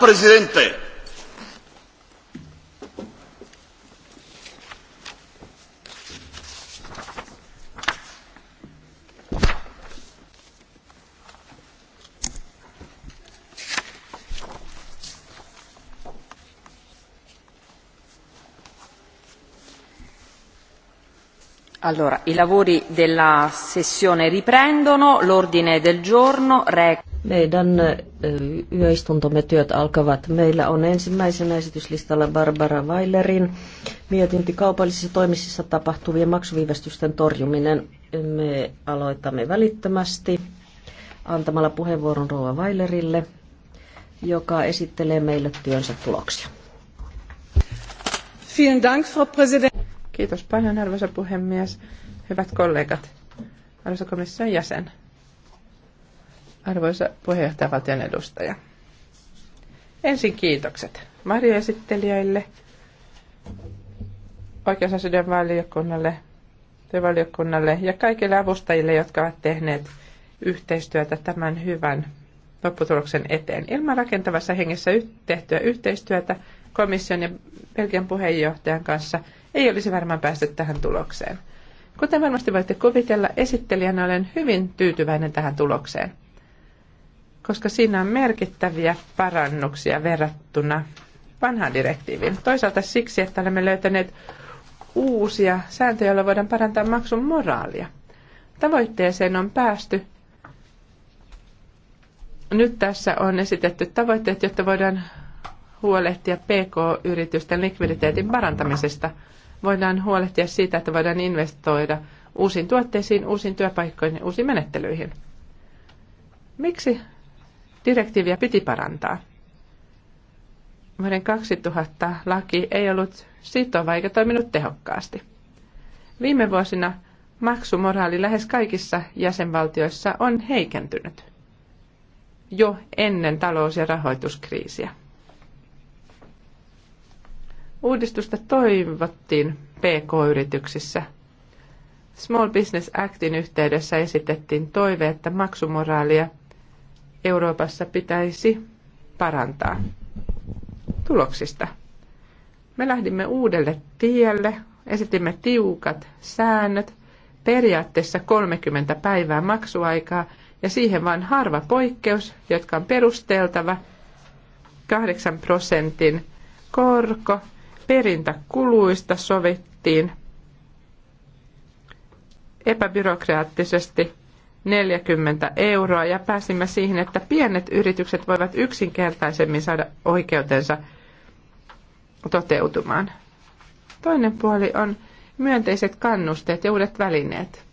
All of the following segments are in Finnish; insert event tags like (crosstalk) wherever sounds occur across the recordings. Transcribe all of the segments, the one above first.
Presidente! Allora, i lavori della sessione riprendono. L'ordine del giorno reca meidän yöistuntomme työt alkavat. Meillä on ensimmäisenä esityslistalla Barbara Weilerin mietinti kaupallisissa toimissa tapahtuvien maksuviivästysten torjuminen. Me aloitamme välittömästi antamalla puheenvuoron Rouva Weilerille, joka esittelee meille työnsä tuloksia. Vielen Dank, Kiitos paljon, arvoisa puhemies. Hyvät kollegat, arvoisa komission jäsen. Arvoisa puheenjohtaja valtion edustaja. Ensin kiitokset varjoesittelijöille, oikeusasioiden valiokunnalle, työvaliokunnalle ja kaikille avustajille, jotka ovat tehneet yhteistyötä tämän hyvän lopputuloksen eteen. Ilman rakentavassa hengessä tehtyä yhteistyötä komission ja Belgian puheenjohtajan kanssa ei olisi varmaan päästy tähän tulokseen. Kuten varmasti voitte kuvitella, esittelijänä olen hyvin tyytyväinen tähän tulokseen koska siinä on merkittäviä parannuksia verrattuna vanhaan direktiiviin. Toisaalta siksi, että olemme löytäneet uusia sääntöjä, joilla voidaan parantaa maksun moraalia. Tavoitteeseen on päästy. Nyt tässä on esitetty tavoitteet, jotta voidaan huolehtia PK-yritysten likviditeetin parantamisesta. Voidaan huolehtia siitä, että voidaan investoida uusiin tuotteisiin, uusiin työpaikkoihin, uusiin menettelyihin. Miksi Direktiiviä piti parantaa. Vuoden 2000 laki ei ollut sitova eikä toiminut tehokkaasti. Viime vuosina maksumoraali lähes kaikissa jäsenvaltioissa on heikentynyt jo ennen talous- ja rahoituskriisiä. Uudistusta toivottiin PK-yrityksissä. Small Business Actin yhteydessä esitettiin toive, että maksumoraalia Euroopassa pitäisi parantaa tuloksista. Me lähdimme uudelle tielle, esitimme tiukat säännöt, periaatteessa 30 päivää maksuaikaa ja siihen vain harva poikkeus, jotka on perusteltava 8 prosentin korko, perintäkuluista sovittiin epäbyrokraattisesti 40 euroa ja pääsimme siihen, että pienet yritykset voivat yksinkertaisemmin saada oikeutensa toteutumaan. Toinen puoli on myönteiset kannusteet ja uudet välineet.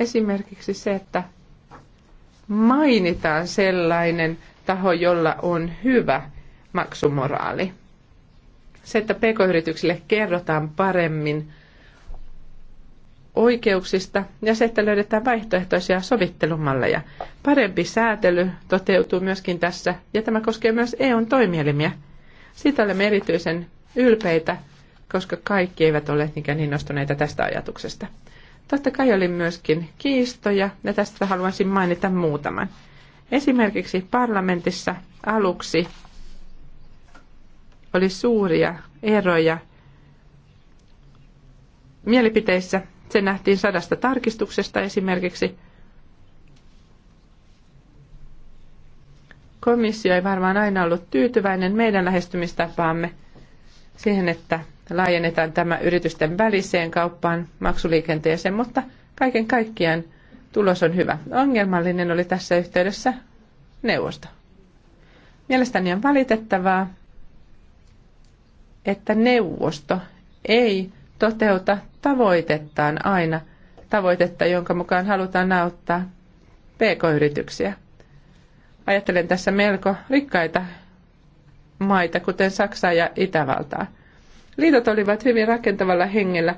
Esimerkiksi se, että mainitaan sellainen taho, jolla on hyvä maksumoraali. Se, että pk-yrityksille kerrotaan paremmin – oikeuksista ja se, että löydetään vaihtoehtoisia sovittelumalleja. Parempi säätely toteutuu myöskin tässä ja tämä koskee myös EUn toimielimiä. Siitä olemme erityisen ylpeitä, koska kaikki eivät ole niinkään innostuneita tästä ajatuksesta. Totta kai oli myöskin kiistoja ja tästä haluaisin mainita muutaman. Esimerkiksi parlamentissa aluksi oli suuria eroja mielipiteissä se nähtiin sadasta tarkistuksesta esimerkiksi. Komissio ei varmaan aina ollut tyytyväinen meidän lähestymistapaamme siihen, että laajennetaan tämä yritysten väliseen kauppaan maksuliikenteeseen, mutta kaiken kaikkiaan tulos on hyvä. Ongelmallinen oli tässä yhteydessä neuvosto. Mielestäni on valitettavaa, että neuvosto ei toteuta tavoitettaan aina, tavoitetta, jonka mukaan halutaan auttaa pk-yrityksiä. Ajattelen tässä melko rikkaita maita, kuten Saksaa ja Itävaltaa. Liitot olivat hyvin rakentavalla hengellä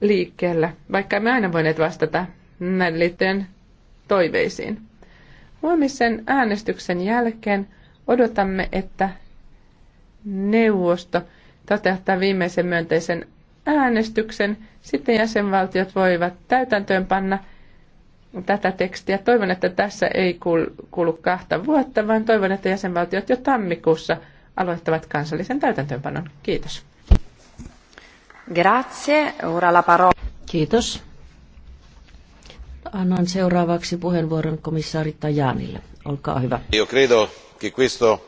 liikkeellä, vaikka me aina voineet vastata näiden liittojen toiveisiin. Huomisen äänestyksen jälkeen odotamme, että neuvosto – toteuttaa viimeisen myönteisen äänestyksen. Sitten jäsenvaltiot voivat täytäntöönpanna tätä tekstiä. Toivon, että tässä ei kulu kahta vuotta, vaan toivon, että jäsenvaltiot jo tammikuussa aloittavat kansallisen täytäntöönpanon. Kiitos. Grazie. Ora la parola. Kiitos. Annan seuraavaksi puheenvuoron komissaari Tajanille. Olkaa hyvä. Io credo che questo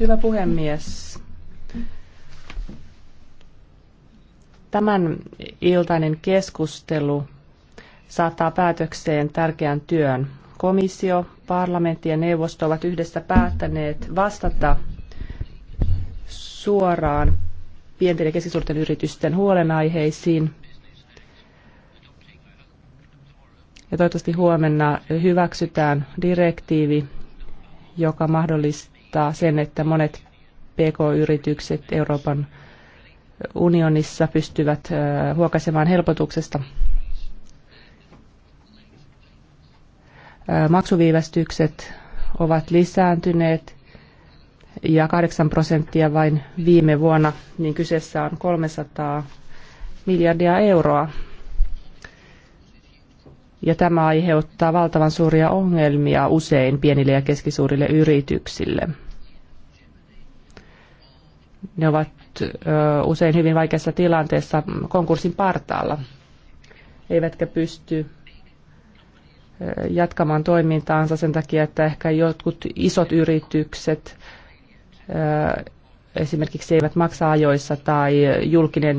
Hyvä puhemies. Tämän iltainen keskustelu saattaa päätökseen tärkeän työn. Komissio, parlamentti ja neuvosto ovat yhdessä päättäneet vastata suoraan pienten ja keskisuurten yritysten huolenaiheisiin. Ja toivottavasti huomenna hyväksytään direktiivi, joka mahdollistaa sen, että monet PK-yritykset Euroopan unionissa pystyvät huokaisemaan helpotuksesta. Maksuviivästykset ovat lisääntyneet ja 8 prosenttia vain viime vuonna, niin kyseessä on 300 miljardia euroa ja tämä aiheuttaa valtavan suuria ongelmia usein pienille ja keskisuurille yrityksille. Ne ovat usein hyvin vaikeassa tilanteessa konkurssin partaalla, eivätkä pysty jatkamaan toimintaansa sen takia, että ehkä jotkut isot yritykset esimerkiksi eivät maksa ajoissa tai julkinen,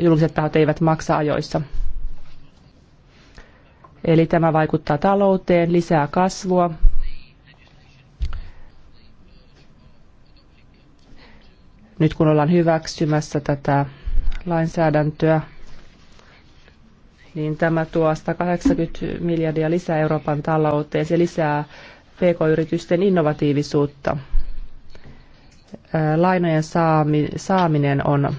julkiset tahot eivät maksa ajoissa. Eli tämä vaikuttaa talouteen, lisää kasvua. Nyt kun ollaan hyväksymässä tätä lainsäädäntöä, niin tämä tuo 180 miljardia lisää Euroopan talouteen. Se lisää pk-yritysten innovatiivisuutta. Lainojen saaminen on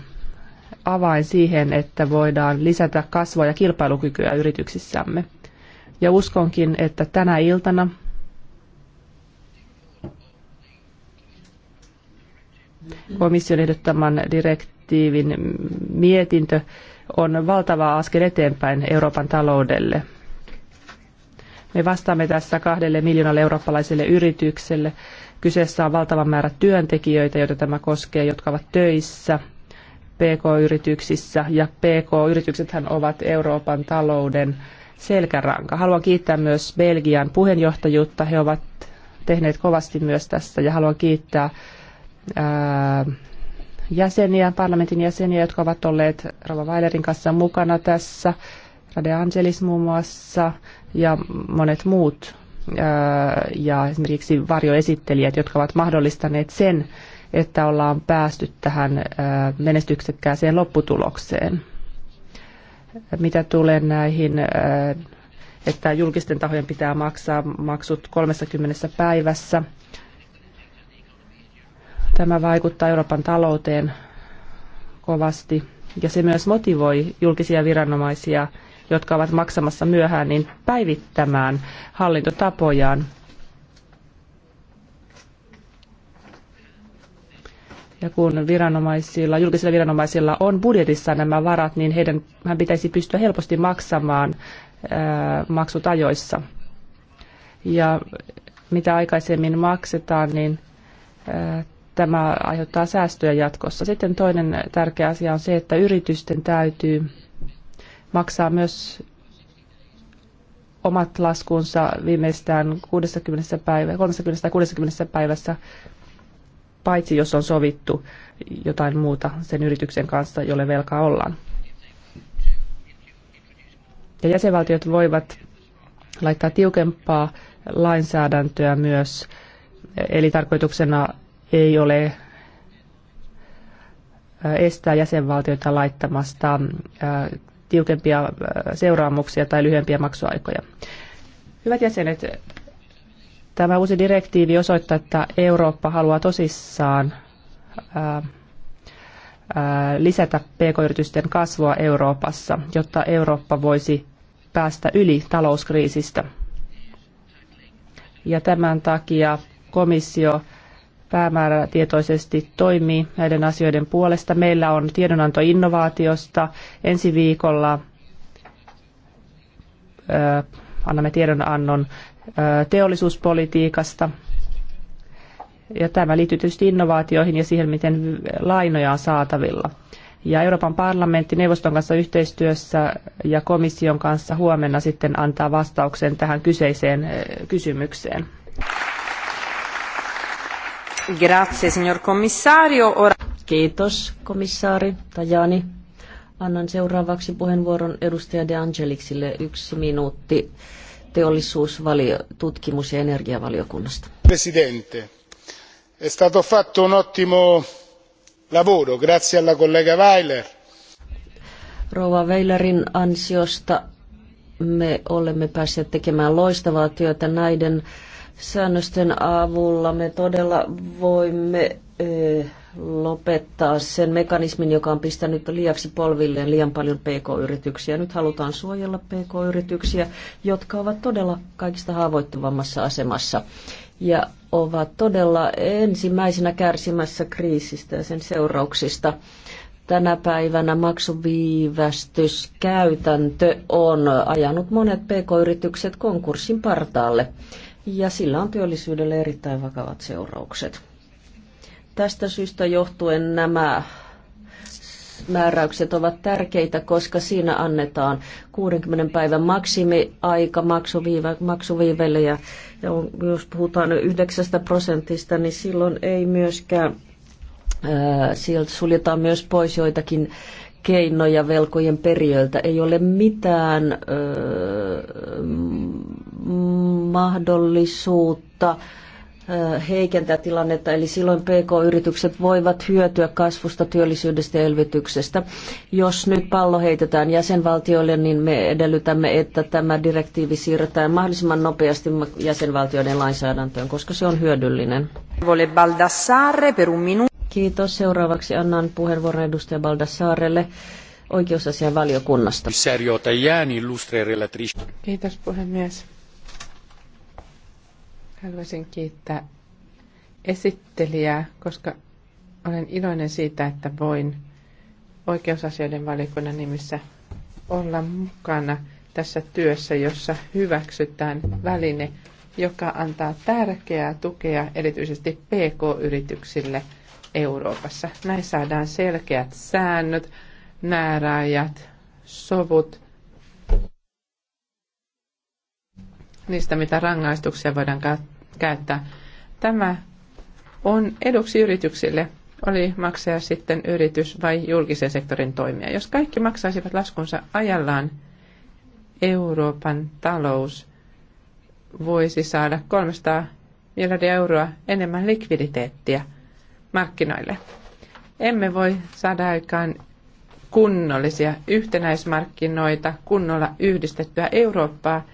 avain siihen, että voidaan lisätä kasvua ja kilpailukykyä yrityksissämme. Ja uskonkin, että tänä iltana komission ehdottaman direktiivin mietintö on valtava askel eteenpäin Euroopan taloudelle. Me vastaamme tässä kahdelle miljoonalle eurooppalaiselle yritykselle. Kyseessä on valtava määrä työntekijöitä, joita tämä koskee, jotka ovat töissä PK-yrityksissä. Ja PK-yrityksethän ovat Euroopan talouden selkäranka. Haluan kiittää myös Belgian puheenjohtajuutta. He ovat tehneet kovasti myös tässä ja haluan kiittää ää, jäseniä, parlamentin jäseniä, jotka ovat olleet Rova Weilerin kanssa mukana tässä. Rade Angelis muun muassa ja monet muut ää, ja esimerkiksi varjoesittelijät, jotka ovat mahdollistaneet sen, että ollaan päästy tähän menestyksekkääseen lopputulokseen mitä tulee näihin, äh, että julkisten tahojen pitää maksaa maksut 30 päivässä. Tämä vaikuttaa Euroopan talouteen kovasti ja se myös motivoi julkisia viranomaisia, jotka ovat maksamassa myöhään, niin päivittämään hallintotapojaan Ja kun viranomaisilla, julkisilla viranomaisilla on budjetissa nämä varat, niin heidän hän pitäisi pystyä helposti maksamaan ää, maksut ajoissa. Ja mitä aikaisemmin maksetaan, niin ää, tämä aiheuttaa säästöjä jatkossa. Sitten toinen tärkeä asia on se, että yritysten täytyy maksaa myös omat laskunsa viimeistään 60 päivä, 30-60 päivässä paitsi jos on sovittu jotain muuta sen yrityksen kanssa, jolle velkaa ollaan. Ja jäsenvaltiot voivat laittaa tiukempaa lainsäädäntöä myös, eli tarkoituksena ei ole äh, estää jäsenvaltioita laittamasta äh, tiukempia äh, seuraamuksia tai lyhyempiä maksuaikoja. Hyvät jäsenet, Tämä uusi direktiivi osoittaa, että Eurooppa haluaa tosissaan ää, ää, lisätä pk-yritysten kasvua Euroopassa, jotta Eurooppa voisi päästä yli talouskriisistä. Ja tämän takia komissio päämäärätietoisesti toimii näiden asioiden puolesta. Meillä on tiedonanto innovaatiosta ensi viikolla. Ää, annamme tiedonannon teollisuuspolitiikasta. Ja tämä liittyy tietysti innovaatioihin ja siihen, miten lainoja on saatavilla. Ja Euroopan parlamentti neuvoston kanssa yhteistyössä ja komission kanssa huomenna sitten antaa vastauksen tähän kyseiseen kysymykseen. Grazie, signor commissario. Kiitos, komissaari Tajani. Annan seuraavaksi puheenvuoron edustaja De Angeliksille yksi minuutti teollisuusvalio, tutkimus- ja energiavaliokunnasta. Presidente, è stato fatto un ottimo lavoro, grazie alla collega Weiler. Rouva Weilerin ansiosta me olemme päässeet tekemään loistavaa työtä näiden säännösten avulla. Me todella voimme Eh, lopettaa sen mekanismin, joka on pistänyt liiaksi polvilleen liian paljon pk-yrityksiä. Nyt halutaan suojella pk-yrityksiä, jotka ovat todella kaikista haavoittuvammassa asemassa ja ovat todella ensimmäisenä kärsimässä kriisistä ja sen seurauksista. Tänä päivänä maksuviivästyskäytäntö on ajanut monet pk-yritykset konkurssin partaalle ja sillä on työllisyydelle erittäin vakavat seuraukset. Tästä syystä johtuen nämä määräykset ovat tärkeitä, koska siinä annetaan 60 päivän maksimiaika maksuviive, maksuviivelle ja, ja on, jos puhutaan 9 prosentista, niin silloin ei myöskään, ää, sieltä suljetaan myös pois joitakin keinoja velkojen periöiltä. Ei ole mitään ää, mahdollisuutta ää, heikentää tilannetta, eli silloin PK-yritykset voivat hyötyä kasvusta, työllisyydestä ja elvytyksestä. Jos nyt pallo heitetään jäsenvaltioille, niin me edellytämme, että tämä direktiivi siirretään mahdollisimman nopeasti jäsenvaltioiden lainsäädäntöön, koska se on hyödyllinen. Kiitos. Seuraavaksi annan puheenvuoron edustaja Baldassaarelle oikeusasian valiokunnasta. Kiitos puhemies. Haluaisin kiittää esittelijää, koska olen iloinen siitä, että voin oikeusasioiden valikunnan nimissä olla mukana tässä työssä, jossa hyväksytään väline, joka antaa tärkeää tukea erityisesti PK-yrityksille Euroopassa. Näin saadaan selkeät säännöt, määräajat, sovut niistä, mitä rangaistuksia voidaan käyttää. Tämä on eduksi yrityksille, oli maksaja sitten yritys vai julkisen sektorin toimija. Jos kaikki maksaisivat laskunsa ajallaan, Euroopan talous voisi saada 300 miljardia euroa enemmän likviditeettiä markkinoille. Emme voi saada aikaan kunnollisia yhtenäismarkkinoita, kunnolla yhdistettyä Eurooppaa –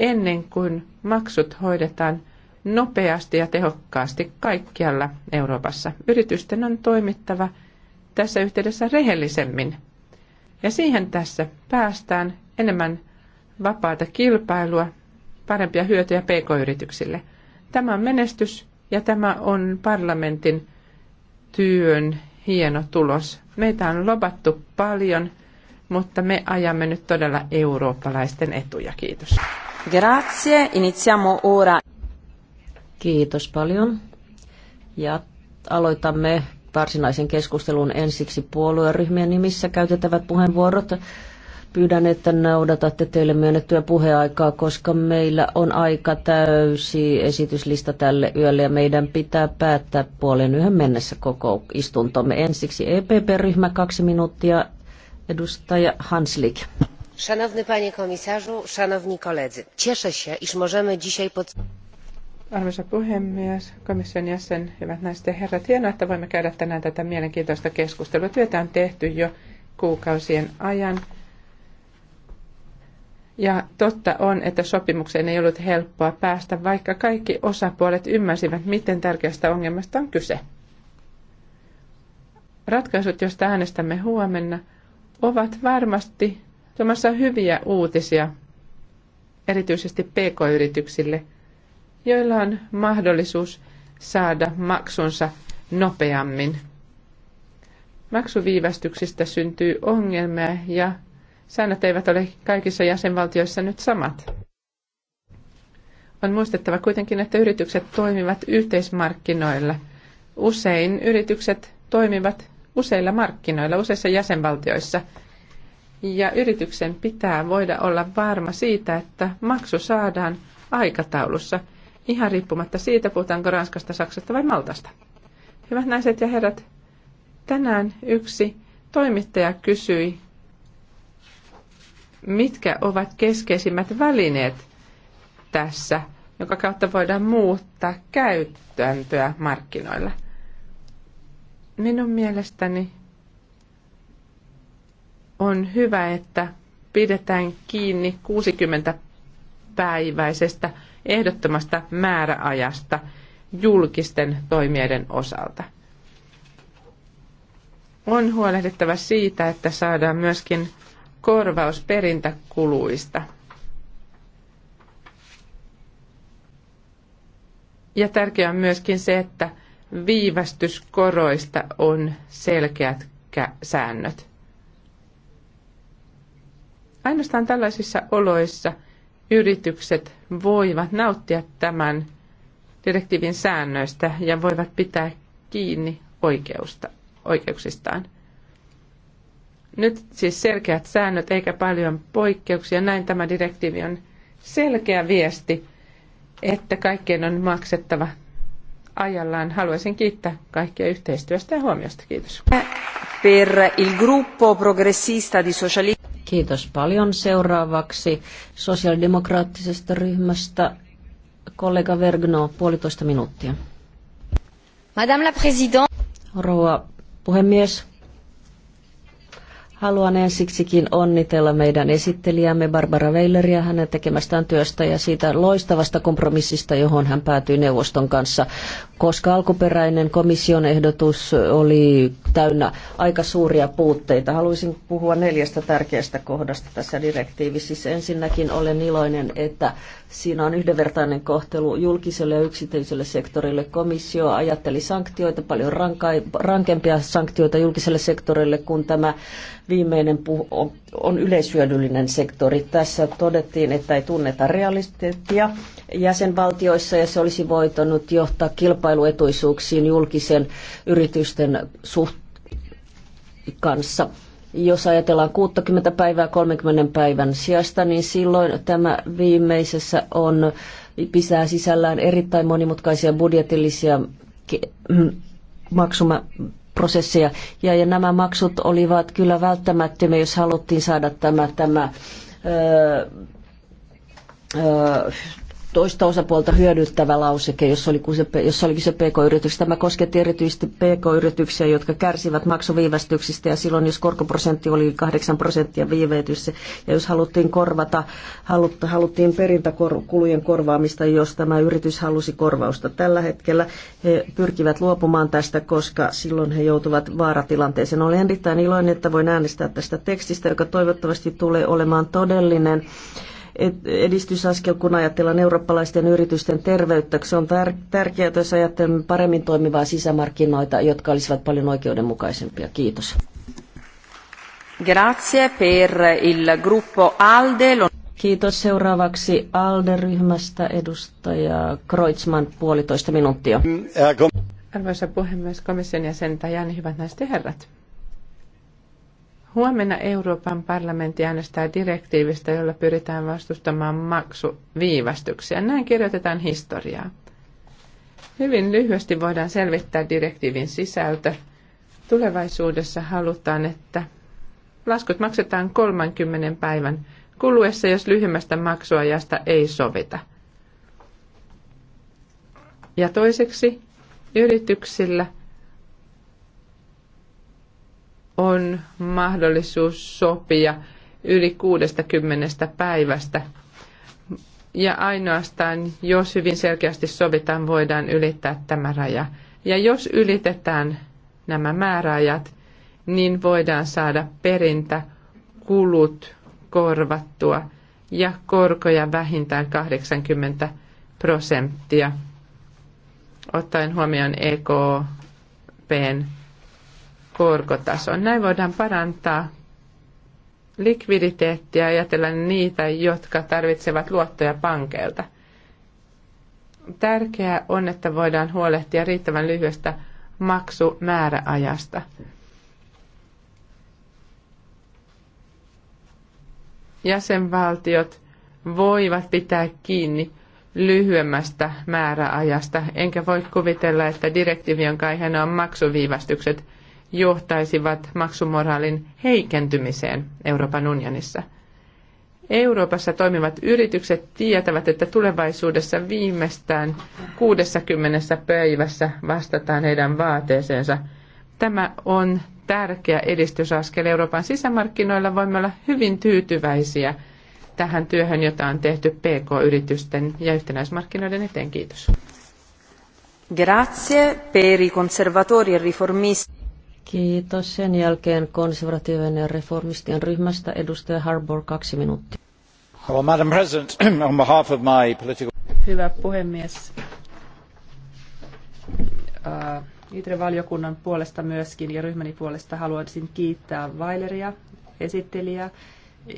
ennen kuin maksut hoidetaan nopeasti ja tehokkaasti kaikkialla Euroopassa. Yritysten on toimittava tässä yhteydessä rehellisemmin. Ja siihen tässä päästään enemmän vapaata kilpailua, parempia hyötyjä pk-yrityksille. Tämä on menestys ja tämä on parlamentin työn hieno tulos. Meitä on lobattu paljon, mutta me ajamme nyt todella eurooppalaisten etuja. Kiitos. Grazie. Iniziamo ora. Kiitos paljon. Ja aloitamme varsinaisen keskustelun ensiksi puolueryhmien nimissä käytettävät puheenvuorot. Pyydän, että noudatatte teille myönnettyä puheaikaa, koska meillä on aika täysi esityslista tälle yölle ja meidän pitää päättää puolen yhden mennessä koko istuntomme. Ensiksi EPP-ryhmä kaksi minuuttia, edustaja Hanslik szanowny panie komisarzu szanowni koledzy! cieszę się iż możemy dzisiaj Arvoisa puhemies, komission jäsen, hyvät naiset ja herrat, hienoa, että voimme käydä tänään tätä mielenkiintoista keskustelua. Työtä on tehty jo kuukausien ajan. Ja totta on, että sopimukseen ei ollut helppoa päästä, vaikka kaikki osapuolet ymmärsivät, miten tärkeästä ongelmasta on kyse. Ratkaisut, joista äänestämme huomenna, ovat varmasti tuomassa hyviä uutisia erityisesti pk-yrityksille, joilla on mahdollisuus saada maksunsa nopeammin. Maksuviivästyksistä syntyy ongelmia ja säännöt eivät ole kaikissa jäsenvaltioissa nyt samat. On muistettava kuitenkin, että yritykset toimivat yhteismarkkinoilla. Usein yritykset toimivat useilla markkinoilla, useissa jäsenvaltioissa – ja yrityksen pitää voida olla varma siitä, että maksu saadaan aikataulussa, ihan riippumatta siitä, puhutaanko Ranskasta, Saksasta vai Maltasta. Hyvät naiset ja herrat, tänään yksi toimittaja kysyi, mitkä ovat keskeisimmät välineet tässä, jonka kautta voidaan muuttaa käytäntöä markkinoilla. Minun mielestäni on hyvä, että pidetään kiinni 60-päiväisestä ehdottomasta määräajasta julkisten toimijoiden osalta. On huolehdittava siitä, että saadaan myöskin korvaus perintäkuluista. Ja tärkeää on myöskin se, että viivästyskoroista on selkeät säännöt. Ainoastaan tällaisissa oloissa yritykset voivat nauttia tämän direktiivin säännöistä ja voivat pitää kiinni oikeusta, oikeuksistaan. Nyt siis selkeät säännöt eikä paljon poikkeuksia. Näin tämä direktiivi on selkeä viesti, että kaikkien on maksettava ajallaan. Haluaisin kiittää kaikkia yhteistyöstä ja huomiosta. Kiitos. Per il gruppo progressista di socialista. Kiitos paljon. Seuraavaksi sosiaalidemokraattisesta ryhmästä kollega Vergno, puolitoista minuuttia. Madame la Présidente. Rouva puhemies, Haluan ensiksikin onnitella meidän esittelijämme Barbara Weileriä hänen tekemästään työstä ja siitä loistavasta kompromissista, johon hän päätyi neuvoston kanssa, koska alkuperäinen komission ehdotus oli täynnä aika suuria puutteita. Haluaisin puhua neljästä tärkeästä kohdasta tässä direktiivissä. Siis ensinnäkin olen iloinen, että siinä on yhdenvertainen kohtelu julkiselle ja yksityiselle sektorille. Komissio ajatteli sanktioita, paljon rankempia sanktioita julkiselle sektorille kuin tämä Viimeinen on yleishyödyllinen sektori. Tässä todettiin, että ei tunneta realiteettia jäsenvaltioissa ja se olisi voitanut johtaa kilpailuetuisuuksiin julkisen yritysten suht kanssa jos ajatellaan 60 päivää 30 päivän sijasta, niin silloin tämä viimeisessä on, pitää sisällään erittäin monimutkaisia budjetillisia (clears throat) maksuma, prosesseja. Ja, ja nämä maksut olivat kyllä välttämättömiä, jos haluttiin saada tämä, tämä öö, öö, toista osapuolta hyödyttävä lauseke, jos, oli se, jos olikin se PK-yritys. Tämä kosketti erityisesti PK-yrityksiä, jotka kärsivät maksuviivästyksistä ja silloin, jos korkoprosentti oli 8 prosenttia viiveetys ja jos haluttiin korvata, haluttiin perintäkulujen korvaamista, jos tämä yritys halusi korvausta. Tällä hetkellä he pyrkivät luopumaan tästä, koska silloin he joutuvat vaaratilanteeseen. Olen erittäin iloinen, että voin äänestää tästä tekstistä, joka toivottavasti tulee olemaan todellinen edistysaskel, kun ajatellaan eurooppalaisten yritysten terveyttä. Se on tär- tärkeää, jos ajattelemme paremmin toimivaa sisämarkkinoita, jotka olisivat paljon oikeudenmukaisempia. Kiitos. Grazie per il gruppo ALDE. Kiitos seuraavaksi ALDE-ryhmästä edustaja Kreutzmann puolitoista minuuttia. Mm, Arvoisa puhemies, komission jäsen Jani, hyvät naiset ja herrat. Huomenna Euroopan parlamentti äänestää direktiivistä, jolla pyritään vastustamaan maksuviivästyksiä. Näin kirjoitetaan historiaa. Hyvin lyhyesti voidaan selvittää direktiivin sisältö. Tulevaisuudessa halutaan, että laskut maksetaan 30 päivän kuluessa, jos lyhyemmästä maksuajasta ei sovita. Ja toiseksi yrityksillä – on mahdollisuus sopia yli 60 päivästä. Ja ainoastaan, jos hyvin selkeästi sovitaan, voidaan ylittää tämä raja. Ja jos ylitetään nämä määräajat, niin voidaan saada perintä, kulut korvattua ja korkoja vähintään 80 prosenttia, ottaen huomioon EKPn korkotason. Näin voidaan parantaa likviditeettiä ja ajatella niitä, jotka tarvitsevat luottoja pankeilta. Tärkeää on, että voidaan huolehtia riittävän lyhyestä maksumääräajasta. Jäsenvaltiot voivat pitää kiinni lyhyemmästä määräajasta, enkä voi kuvitella, että direktiivi, jonka aiheena on maksuviivästykset – johtaisivat maksumoraalin heikentymiseen Euroopan unionissa. Euroopassa toimivat yritykset tietävät, että tulevaisuudessa viimeistään 60 päivässä vastataan heidän vaateeseensa. Tämä on tärkeä edistysaskel Euroopan sisämarkkinoilla. Voimme olla hyvin tyytyväisiä tähän työhön, jota on tehty PK-yritysten ja yhtenäismarkkinoiden eteen. Kiitos. Grazie per i conservatori e riformisti. Kiitos. Sen jälkeen konservatiivinen ja reformistien ryhmästä edustaja Harbour kaksi minuuttia. Well, Madam President, (clears throat) on behalf of my political... Hyvä puhemies. Uh, ITRE-valiokunnan puolesta myöskin ja ryhmäni puolesta haluaisin kiittää Weileria, esittelijää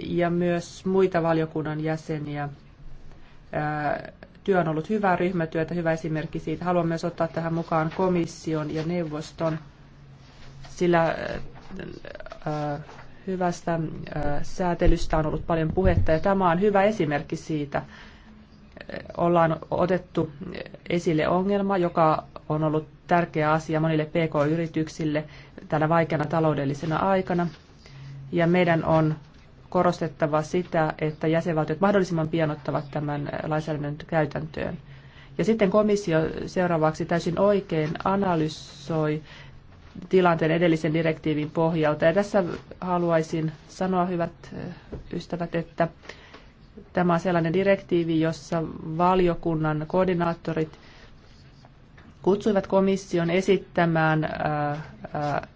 ja myös muita valiokunnan jäseniä. Uh, työ on ollut hyvää ryhmätyötä, hyvä esimerkki siitä. Haluan myös ottaa tähän mukaan komission ja neuvoston sillä äh, äh, hyvästä äh, säätelystä on ollut paljon puhetta ja tämä on hyvä esimerkki siitä. Ollaan otettu esille ongelma, joka on ollut tärkeä asia monille pk-yrityksille tänä vaikeana taloudellisena aikana. Ja meidän on korostettava sitä, että jäsenvaltiot mahdollisimman pian ottavat tämän lainsäädännön käytäntöön. Ja sitten komissio seuraavaksi täysin oikein analysoi tilanteen edellisen direktiivin pohjalta. Ja tässä haluaisin sanoa, hyvät eh, ystävät, että tämä on sellainen direktiivi, jossa valiokunnan koordinaattorit kutsuivat komission esittämään ää, ää,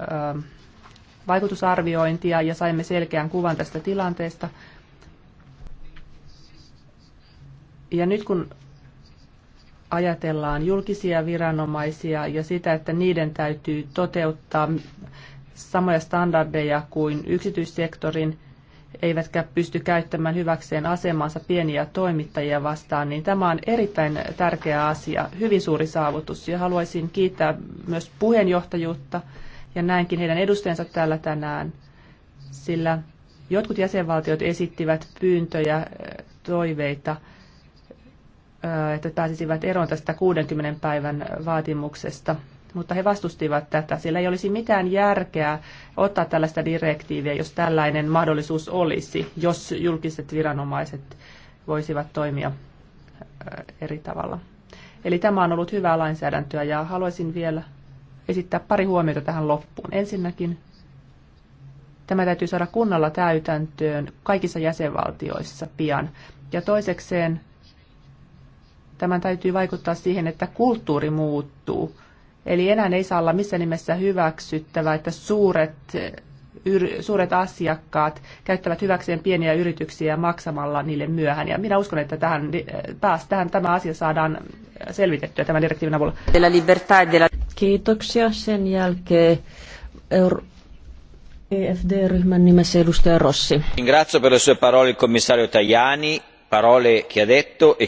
ää, vaikutusarviointia ja saimme selkeän kuvan tästä tilanteesta. Ja nyt kun ajatellaan julkisia viranomaisia ja sitä, että niiden täytyy toteuttaa samoja standardeja kuin yksityissektorin, eivätkä pysty käyttämään hyväkseen asemansa pieniä toimittajia vastaan, niin tämä on erittäin tärkeä asia, hyvin suuri saavutus. Ja haluaisin kiittää myös puheenjohtajuutta ja näinkin heidän edustajansa täällä tänään, sillä jotkut jäsenvaltiot esittivät pyyntöjä, eh, toiveita – Äh, että pääsisivät eroon tästä 60 päivän vaatimuksesta. Mutta he vastustivat tätä, sillä ei olisi mitään järkeä ottaa tällaista direktiiviä, jos tällainen mahdollisuus olisi, jos julkiset viranomaiset voisivat toimia äh, eri tavalla. Eli tämä on ollut hyvää lainsäädäntöä ja haluaisin vielä esittää pari huomiota tähän loppuun. Ensinnäkin tämä täytyy saada kunnalla täytäntöön kaikissa jäsenvaltioissa pian. Ja toisekseen Tämän täytyy vaikuttaa siihen, että kulttuuri muuttuu. Eli enää ei saa olla missään nimessä hyväksyttävä, että suuret, suuret asiakkaat käyttävät hyväkseen pieniä yrityksiä maksamalla niille myöhään. Ja minä uskon, että tähän, taas tähän tämä asia saadaan selvitettyä tämän direktiivin avulla. E Kiitoksia. Sen jälkeen Euro- EFD-ryhmän nimessä edustaja Rossi. Grazie per le sue parole il commissario Tajani, parole che ha detto. E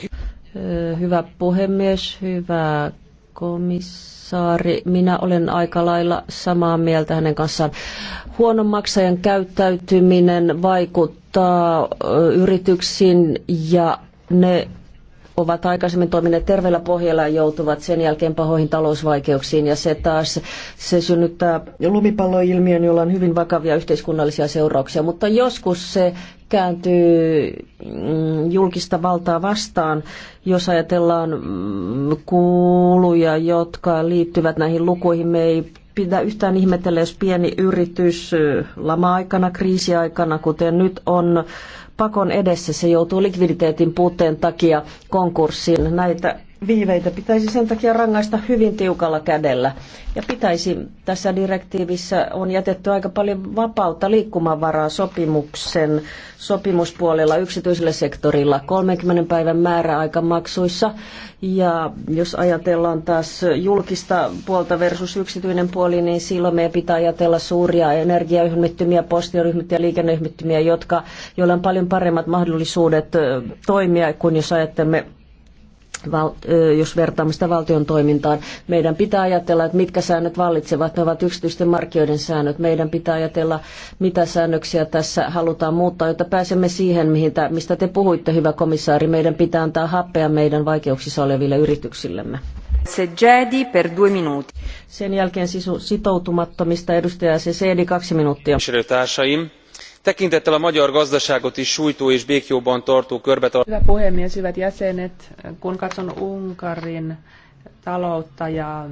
Hyvä puhemies, hyvä komissaari, minä olen aika lailla samaa mieltä hänen kanssaan. Huonon maksajan käyttäytyminen vaikuttaa yrityksiin ja ne ovat aikaisemmin toimineet terveellä pohjalla ja joutuvat sen jälkeen pahoihin talousvaikeuksiin. Ja se taas se synnyttää lumipalloilmiön, jolla on hyvin vakavia yhteiskunnallisia seurauksia. Mutta joskus se kääntyy mm, julkista valtaa vastaan, jos ajatellaan mm, kuluja, jotka liittyvät näihin lukuihin. Me ei pidä yhtään ihmetellä, jos pieni yritys mm, lama-aikana, kriisiaikana, kuten nyt on, pakon edessä. Se joutuu likviditeetin puutteen takia konkurssiin. Näitä viiveitä pitäisi sen takia rangaista hyvin tiukalla kädellä. Ja pitäisi, tässä direktiivissä on jätetty aika paljon vapautta liikkumavaraa sopimuksen sopimuspuolella yksityisellä sektorilla 30 päivän määräaikamaksuissa. Ja jos ajatellaan taas julkista puolta versus yksityinen puoli, niin silloin meidän pitää ajatella suuria energiayhmittymiä, postiryhmittymiä, liikenneyhmittymiä, jotka, joilla on paljon paremmat mahdollisuudet toimia kuin jos ajattelemme val, jos vertaamme sitä valtion toimintaan. Meidän pitää ajatella, että mitkä säännöt vallitsevat. Ne ovat yksityisten markkinoiden säännöt. Meidän pitää ajatella, mitä säännöksiä tässä halutaan muuttaa, jotta pääsemme siihen, mihin tä, mistä te puhuitte, hyvä komissaari. Meidän pitää antaa happea meidän vaikeuksissa oleville yrityksillemme. Sejedi per due minuti. Sen jälkeen sitoutumattomista edustaja Sejedi kaksi minuuttia tekintettel a magyar gazdaságot is sújtó és béklyóban tartó körbetartás. Hyvä puhemies, hyvät jäsenet, kun katson Unkarin taloutta ja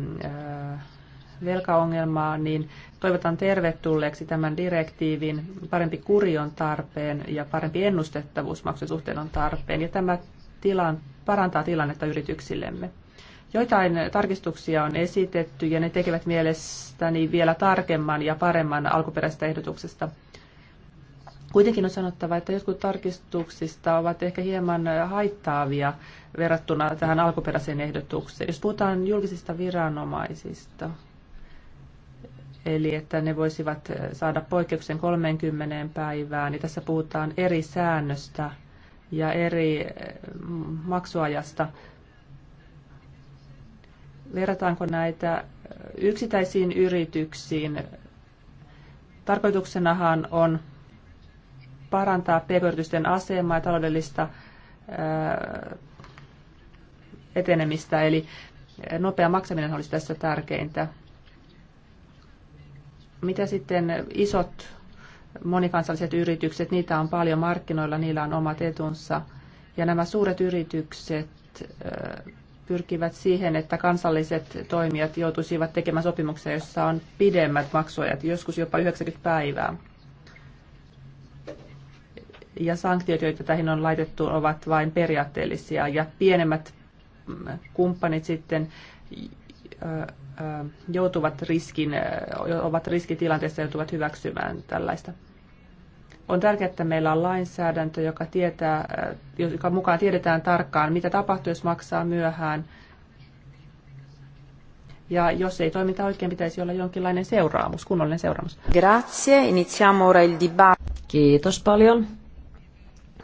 velkaongelmaa, niin toivotan tervetulleeksi tämän direktiivin. Parempi kuri on tarpeen ja parempi ennustettavuus maksusuhteen on tarpeen ja tämä tilan, parantaa tilannetta yrityksillemme. Joitain tarkistuksia on esitetty ja ne tekevät mielestäni vielä tarkemman ja paremman alkuperäisestä ehdotuksesta. Kuitenkin on sanottava, että jotkut tarkistuksista ovat ehkä hieman haittaavia verrattuna tähän alkuperäiseen ehdotukseen. Jos puhutaan julkisista viranomaisista, eli että ne voisivat saada poikkeuksen 30 päivään, niin tässä puhutaan eri säännöstä ja eri mm, maksuajasta. Verrataanko näitä yksittäisiin yrityksiin? Tarkoituksenahan on parantaa pk-yritysten asemaa ja taloudellista etenemistä, eli nopea maksaminen olisi tässä tärkeintä. Mitä sitten isot monikansalliset yritykset, niitä on paljon markkinoilla, niillä on omat etunsa. Ja nämä suuret yritykset pyrkivät siihen, että kansalliset toimijat joutuisivat tekemään sopimuksia, joissa on pidemmät maksuajat, joskus jopa 90 päivää ja sanktiot, joita tähän on laitettu, ovat vain periaatteellisia ja pienemmät mm, kumppanit sitten joutuvat riskin, ovat riskitilanteessa joutuvat hyväksymään tällaista. On tärkeää, että meillä on lainsäädäntö, joka, tietää, joka mukaan tiedetään tarkkaan, mitä tapahtuu, jos maksaa myöhään. Ja jos ei toiminta oikein, pitäisi olla jonkinlainen seuraamus, kunnollinen seuraamus. Grazie. Iniziamo ora il dibattito. Kiitos paljon.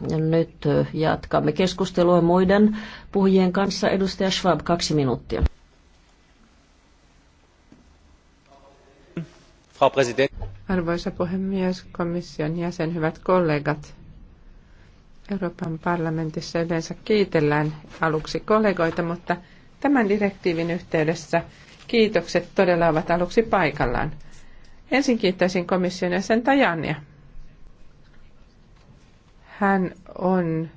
Nyt jatkamme keskustelua muiden puhujien kanssa. Edustaja Schwab, kaksi minuuttia. Arvoisa puhemies, komission jäsen, hyvät kollegat. Euroopan parlamentissa yleensä kiitellään aluksi kollegoita, mutta tämän direktiivin yhteydessä kiitokset todella ovat aluksi paikallaan. Ensin kiittäisin komission jäsen Tajania hän on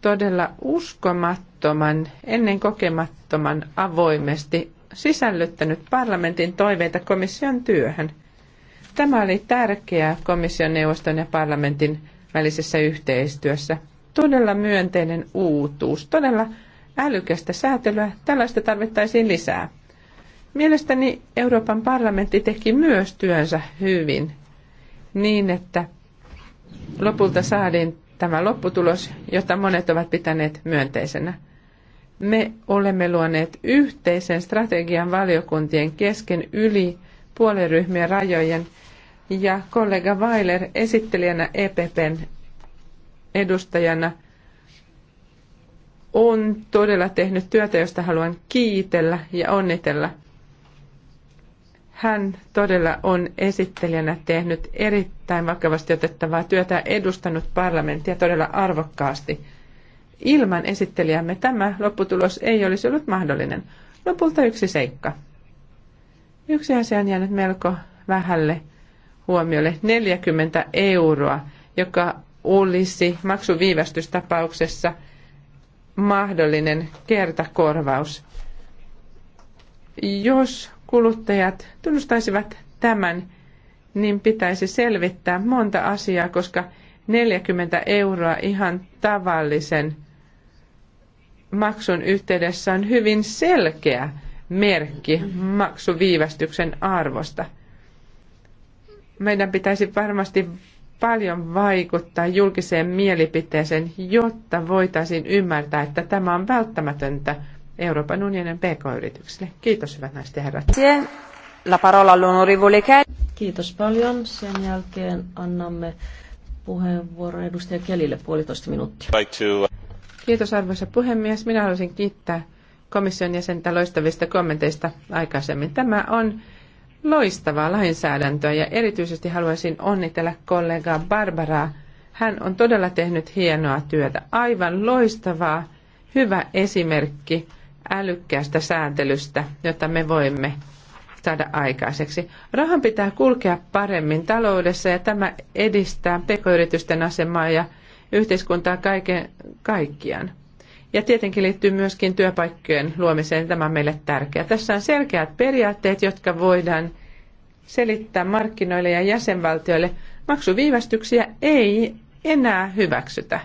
todella uskomattoman, ennen kokemattoman avoimesti sisällyttänyt parlamentin toiveita komission työhön. Tämä oli tärkeää komission neuvoston ja parlamentin välisessä yhteistyössä. Todella myönteinen uutuus, todella älykästä säätelyä, tällaista tarvittaisiin lisää. Mielestäni Euroopan parlamentti teki myös työnsä hyvin, niin että lopulta saadin tämä lopputulos, jota monet ovat pitäneet myönteisenä. Me olemme luoneet yhteisen strategian valiokuntien kesken yli puoliryhmien rajojen ja kollega Weiler esittelijänä EPPn edustajana on todella tehnyt työtä, josta haluan kiitellä ja onnitella – hän todella on esittelijänä tehnyt erittäin vakavasti otettavaa työtä, edustanut parlamenttia todella arvokkaasti. Ilman esittelijämme tämä lopputulos ei olisi ollut mahdollinen. Lopulta yksi seikka. Yksi asia on jäänyt melko vähälle huomiolle. 40 euroa, joka olisi maksuviivästystapauksessa mahdollinen kertakorvaus. Jos kuluttajat tunnustaisivat tämän, niin pitäisi selvittää monta asiaa, koska 40 euroa ihan tavallisen maksun yhteydessä on hyvin selkeä merkki maksuviivästyksen arvosta. Meidän pitäisi varmasti paljon vaikuttaa julkiseen mielipiteeseen, jotta voitaisiin ymmärtää, että tämä on välttämätöntä Euroopan unionin pk-yrityksille. Kiitos hyvät naiset ja herrat. La parola all'onorevole Kiitos paljon. Sen jälkeen annamme puheenvuoron edustaja Kelille puolitoista minuuttia. Uh, Kiitos arvoisa puhemies. Minä haluaisin kiittää komission jäsentä loistavista kommenteista aikaisemmin. Tämä on loistavaa lainsäädäntöä ja erityisesti haluaisin onnitella kollegaa Barbaraa. Hän on todella tehnyt hienoa työtä. Aivan loistavaa, hyvä esimerkki älykkäästä sääntelystä, jota me voimme saada aikaiseksi. Rahan pitää kulkea paremmin taloudessa ja tämä edistää pekoyritysten asemaa ja yhteiskuntaa kaiken, kaikkiaan. Ja tietenkin liittyy myöskin työpaikkojen luomiseen, tämä on meille tärkeää. Tässä on selkeät periaatteet, jotka voidaan selittää markkinoille ja jäsenvaltioille. Maksuviivästyksiä ei enää hyväksytä.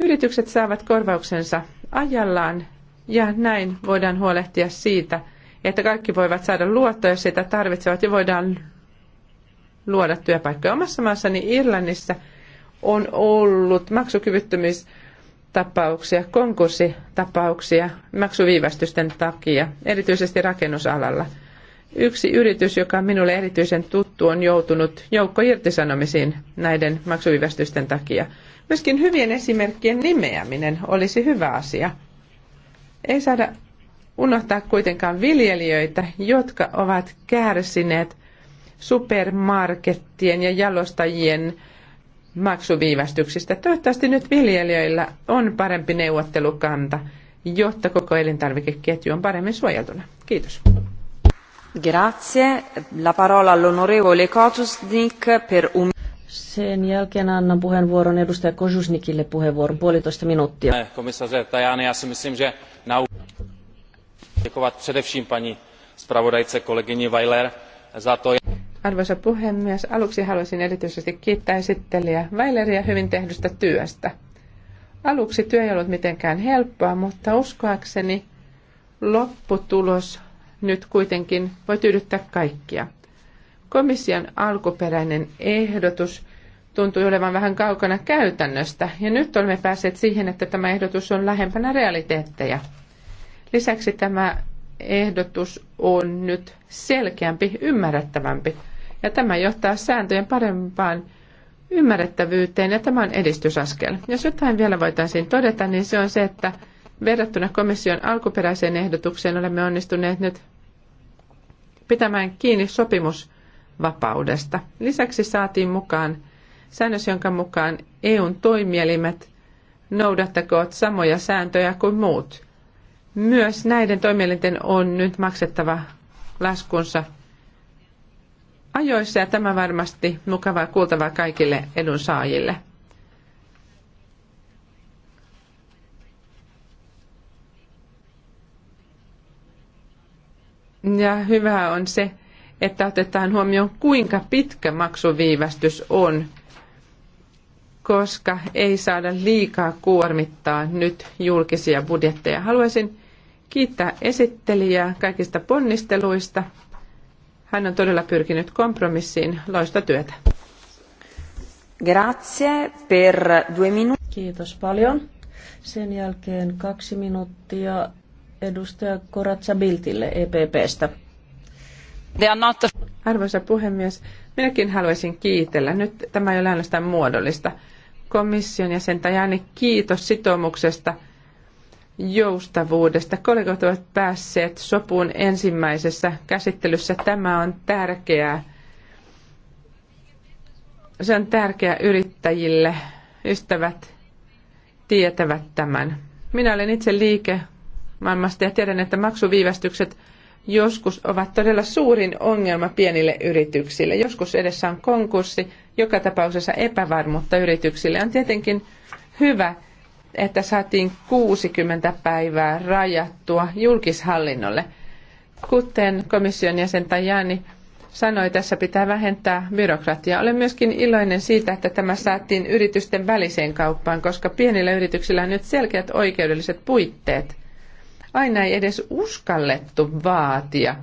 Yritykset saavat korvauksensa ajallaan ja näin voidaan huolehtia siitä, että kaikki voivat saada luottoa, jos sitä tarvitsevat, ja voidaan luoda työpaikkoja. Omassa maassani Irlannissa on ollut maksukyvyttömyystapauksia, konkurssitapauksia maksuviivästysten takia, erityisesti rakennusalalla. Yksi yritys, joka on minulle erityisen tuttu, on joutunut joukko irtisanomisiin näiden maksuviivästysten takia. Myöskin hyvien esimerkkien nimeäminen olisi hyvä asia – ei saada unohtaa kuitenkaan viljelijöitä, jotka ovat kärsineet supermarkettien ja jalostajien maksuviivästyksistä. Toivottavasti nyt viljelijöillä on parempi neuvottelukanta, jotta koko elintarvikeketju on paremmin suojeltuna. Kiitos. Grazie. La parola all'onorevole Kotusnik per un... Sen jälkeen annan puheenvuoron edustaja Kosusnikille puheenvuoron puolitoista minuuttia. Komissaře Tajani, ja myslím, že na děkovat především paní spravodajce Weiler za to. Arvoisa puhemies, aluksi haluaisin erityisesti kiittää esittelijä Weileria hyvin tehdystä työstä. Aluksi työ ei ollut mitenkään helppoa, mutta uskoakseni lopputulos nyt kuitenkin voi tyydyttää kaikkia – Komission alkuperäinen ehdotus tuntui olevan vähän kaukana käytännöstä, ja nyt olemme päässeet siihen, että tämä ehdotus on lähempänä realiteetteja. Lisäksi tämä ehdotus on nyt selkeämpi, ymmärrettävämpi, ja tämä johtaa sääntöjen parempaan ymmärrettävyyteen, ja tämä on edistysaskel. Jos jotain vielä voitaisiin todeta, niin se on se, että verrattuna komission alkuperäiseen ehdotukseen olemme onnistuneet nyt pitämään kiinni sopimus vapaudesta. Lisäksi saatiin mukaan säännös, jonka mukaan EUn toimielimet noudattakoot samoja sääntöjä kuin muut. Myös näiden toimielinten on nyt maksettava laskunsa ajoissa ja tämä varmasti mukavaa kuultavaa kaikille edunsaajille. Ja hyvää on se, että otetaan huomioon, kuinka pitkä maksuviivästys on, koska ei saada liikaa kuormittaa nyt julkisia budjetteja. Haluaisin kiittää esittelijää kaikista ponnisteluista. Hän on todella pyrkinyt kompromissiin. Loista työtä. Grazie per due minuti. Kiitos paljon. Sen jälkeen kaksi minuuttia edustaja Koratsa Biltille EPPstä. Arvoisa puhemies, minäkin haluaisin kiitellä. Nyt tämä ei ole ainoastaan muodollista. Komission jäsen Tajani, kiitos sitoumuksesta joustavuudesta. Kollegat ovat päässeet sopuun ensimmäisessä käsittelyssä. Tämä on tärkeää. Se on tärkeää yrittäjille. Ystävät tietävät tämän. Minä olen itse liike maailmasta ja tiedän, että maksuviivästykset – joskus ovat todella suurin ongelma pienille yrityksille. Joskus edessä on konkurssi, joka tapauksessa epävarmuutta yrityksille. On tietenkin hyvä, että saatiin 60 päivää rajattua julkishallinnolle. Kuten komission jäsen Tajani sanoi, tässä pitää vähentää byrokratiaa. Olen myöskin iloinen siitä, että tämä saatiin yritysten väliseen kauppaan, koska pienillä yrityksillä on nyt selkeät oikeudelliset puitteet Aina ei edes uskallettu vaatia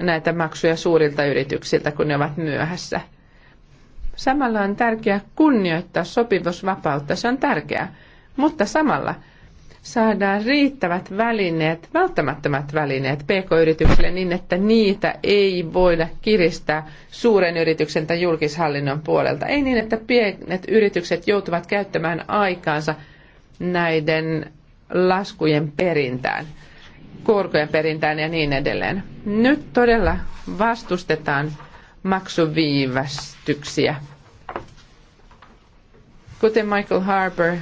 näitä maksuja suurilta yrityksiltä, kun ne ovat myöhässä. Samalla on tärkeää kunnioittaa sopimusvapautta, se on tärkeää, mutta samalla saadaan riittävät välineet, välttämättömät välineet pk-yrityksille niin, että niitä ei voida kiristää suuren yrityksen tai julkishallinnon puolelta. Ei niin, että pienet yritykset joutuvat käyttämään aikaansa näiden laskujen perintään, korkojen perintään ja niin edelleen. Nyt todella vastustetaan maksuviivästyksiä. Kuten Michael Harper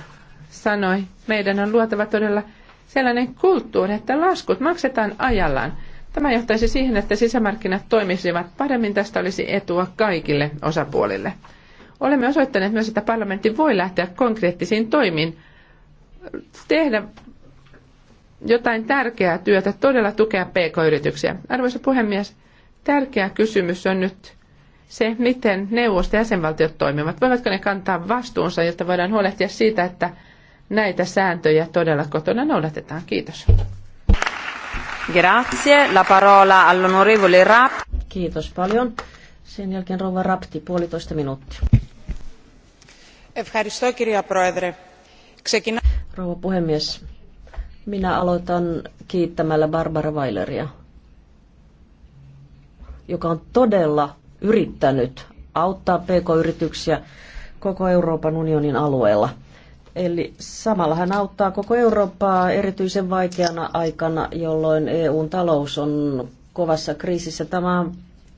sanoi, meidän on luotava todella sellainen kulttuuri, että laskut maksetaan ajallaan. Tämä johtaisi siihen, että sisämarkkinat toimisivat paremmin, tästä olisi etua kaikille osapuolille. Olemme osoittaneet myös, että parlamentti voi lähteä konkreettisiin toimiin tehdä jotain tärkeää työtä, todella tukea pk-yrityksiä. Arvoisa puhemies, tärkeä kysymys on nyt se, miten neuvosto ja jäsenvaltiot toimivat. Voivatko ne kantaa vastuunsa, jotta voidaan huolehtia siitä, että näitä sääntöjä todella kotona noudatetaan. Kiitos. Grazie. La parola all'onorevole Rapp. Kiitos paljon. Sen jälkeen rouva Rapti, puolitoista minuuttia. Ευχαριστώ, κυρία Πρόεδρε. Ξεκινά... Rouva puhemies, minä aloitan kiittämällä Barbara Weileria, joka on todella yrittänyt auttaa pk-yrityksiä koko Euroopan unionin alueella. Eli samalla hän auttaa koko Eurooppaa erityisen vaikeana aikana, jolloin EUn talous on kovassa kriisissä. Tämä on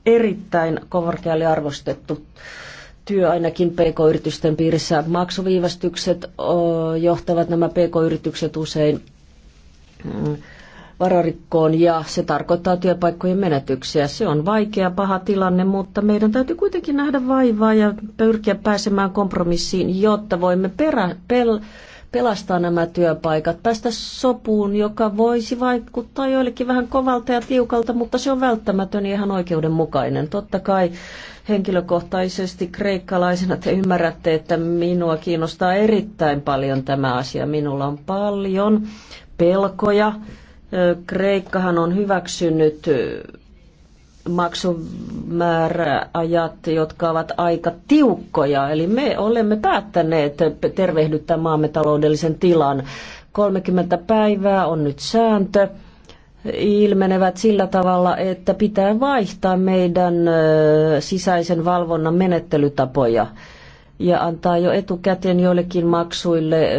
erittäin korkealle arvostettu työ ainakin pk-yritysten piirissä. Maksuviivästykset johtavat nämä pk-yritykset usein mm, vararikkoon ja se tarkoittaa työpaikkojen menetyksiä. Se on vaikea, paha tilanne, mutta meidän täytyy kuitenkin nähdä vaivaa ja pyrkiä pääsemään kompromissiin, jotta voimme perä, pel, pelastaa nämä työpaikat, päästä sopuun, joka voisi vaikuttaa joillekin vähän kovalta ja tiukalta, mutta se on välttämätön ja ihan oikeudenmukainen. Totta kai henkilökohtaisesti kreikkalaisena te ymmärrätte, että minua kiinnostaa erittäin paljon tämä asia. Minulla on paljon pelkoja. Kreikkahan on hyväksynyt maksumääräajat, jotka ovat aika tiukkoja. Eli me olemme päättäneet tervehdyttää maamme taloudellisen tilan. 30 päivää on nyt sääntö ilmenevät sillä tavalla, että pitää vaihtaa meidän sisäisen valvonnan menettelytapoja ja antaa jo etukäteen joillekin maksuille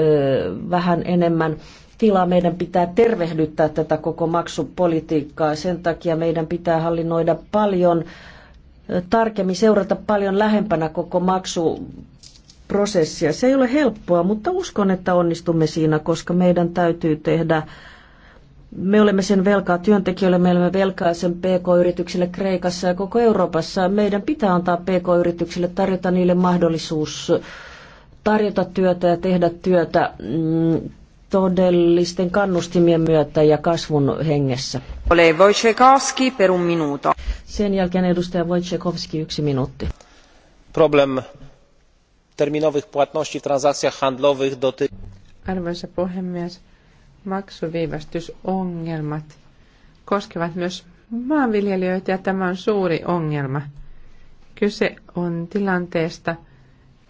vähän enemmän tilaa. Meidän pitää tervehdyttää tätä koko maksupolitiikkaa. Sen takia meidän pitää hallinnoida paljon tarkemmin, seurata paljon lähempänä koko maksuprosessia. Se ei ole helppoa, mutta uskon, että onnistumme siinä, koska meidän täytyy tehdä me olemme sen velkaa työntekijöille, me olemme velkaa sen PK-yrityksille Kreikassa ja koko Euroopassa. Meidän pitää antaa PK-yrityksille tarjota niille mahdollisuus tarjota työtä ja tehdä työtä mm, todellisten kannustimien myötä ja kasvun hengessä. Ole Wojciechowski per un minuto. Sen jälkeen edustaja Wojciechowski yksi minuutti. Problem terminowych płatności w transakcjach handlowych doty... Arvoisa puhemies, maksuviivästysongelmat koskevat myös maanviljelijöitä ja tämä on suuri ongelma. Kyse on tilanteesta,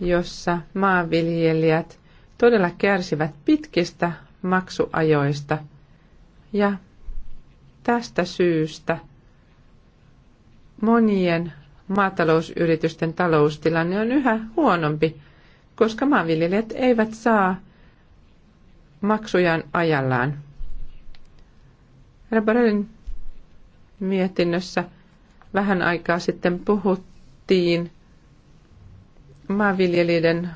jossa maanviljelijät todella kärsivät pitkistä maksuajoista ja tästä syystä monien maatalousyritysten taloustilanne on yhä huonompi, koska maanviljelijät eivät saa maksujaan ajallaan. Rabarelin mietinnössä vähän aikaa sitten puhuttiin maanviljelijöiden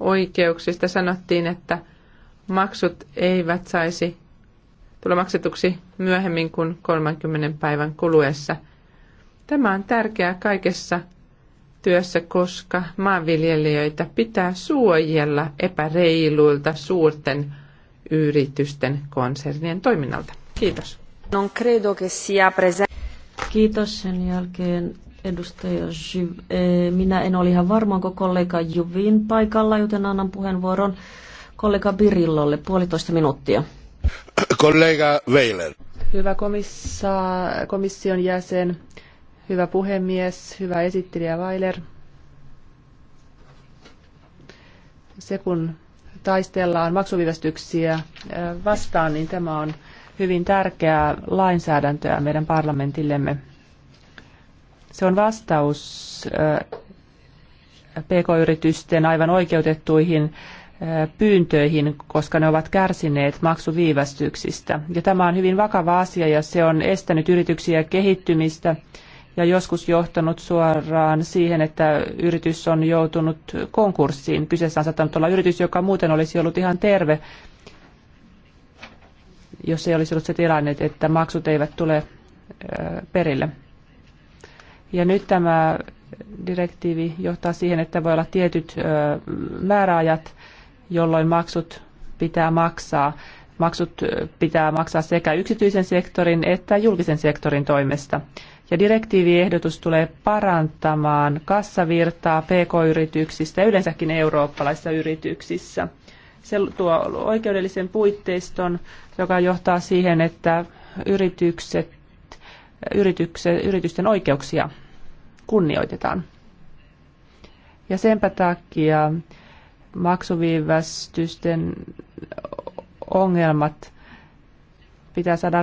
oikeuksista sanottiin, että maksut eivät saisi tulla maksetuksi myöhemmin kuin 30 päivän kuluessa. Tämä on tärkeää kaikessa työssä, koska maanviljelijöitä pitää suojella epäreiluilta suurten yritysten konsernien toiminnalta. Kiitos. Non credo che sia Kiitos. Sen jälkeen edustaja eh, Minä en ole ihan varma, onko kollega Juvin paikalla, joten annan puheenvuoron kollega Birillolle puolitoista minuuttia. Kollega Weiler. Hyvä komissa, komission jäsen, hyvä puhemies, hyvä esittelijä Weiler. Se kun taistellaan maksuviivästyksiä eh, vastaan, niin tämä on hyvin tärkeää lainsäädäntöä meidän parlamentillemme. Se on vastaus äh, pk-yritysten aivan oikeutettuihin äh, pyyntöihin, koska ne ovat kärsineet maksuviivästyksistä. Ja tämä on hyvin vakava asia ja se on estänyt yrityksiä kehittymistä ja joskus johtanut suoraan siihen, että yritys on joutunut konkurssiin. Kyseessä on saattanut olla yritys, joka muuten olisi ollut ihan terve, jos ei olisi ollut se tilanne, että maksut eivät tule äh, perille. Ja nyt tämä direktiivi johtaa siihen, että voi olla tietyt määräajat, jolloin maksut pitää maksaa. Maksut pitää maksaa sekä yksityisen sektorin että julkisen sektorin toimesta. Ja direktiiviehdotus tulee parantamaan kassavirtaa pk-yrityksistä ja yleensäkin eurooppalaisissa yrityksissä. Se tuo oikeudellisen puitteiston, joka johtaa siihen, että yritykset yritysten oikeuksia kunnioitetaan. Ja senpä takia maksuviivästysten ongelmat pitää saada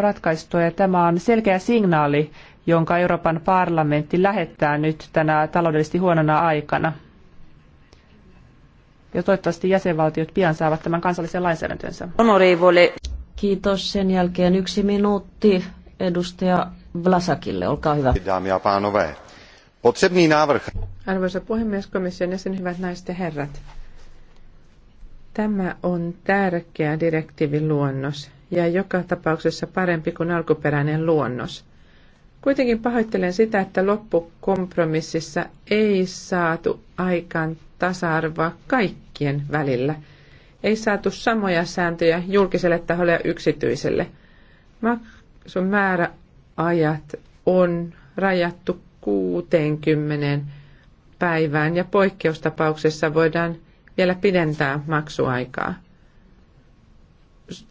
ratkaistua ja tämä on selkeä signaali, jonka Euroopan parlamentti lähettää nyt tänä taloudellisesti huonona aikana. Ja toivottavasti jäsenvaltiot pian saavat tämän kansallisen lainsäädäntönsä. Kiitos. Sen jälkeen yksi minuutti edustaja Vlasakille. Olkaa hyvä. Dámy a potřebný návrh. Arvoisa puhemies, komission jäsen, hyvät naiset ja herrat. Tämä on tärkeä direktiiviluonnos ja joka tapauksessa parempi kuin alkuperäinen luonnos. Kuitenkin pahoittelen sitä, että loppukompromississa ei saatu aikaan tasa-arvoa kaikkien välillä. Ei saatu samoja sääntöjä julkiselle taholle ja yksityiselle sun määräajat on rajattu 60 päivään ja poikkeustapauksessa voidaan vielä pidentää maksuaikaa.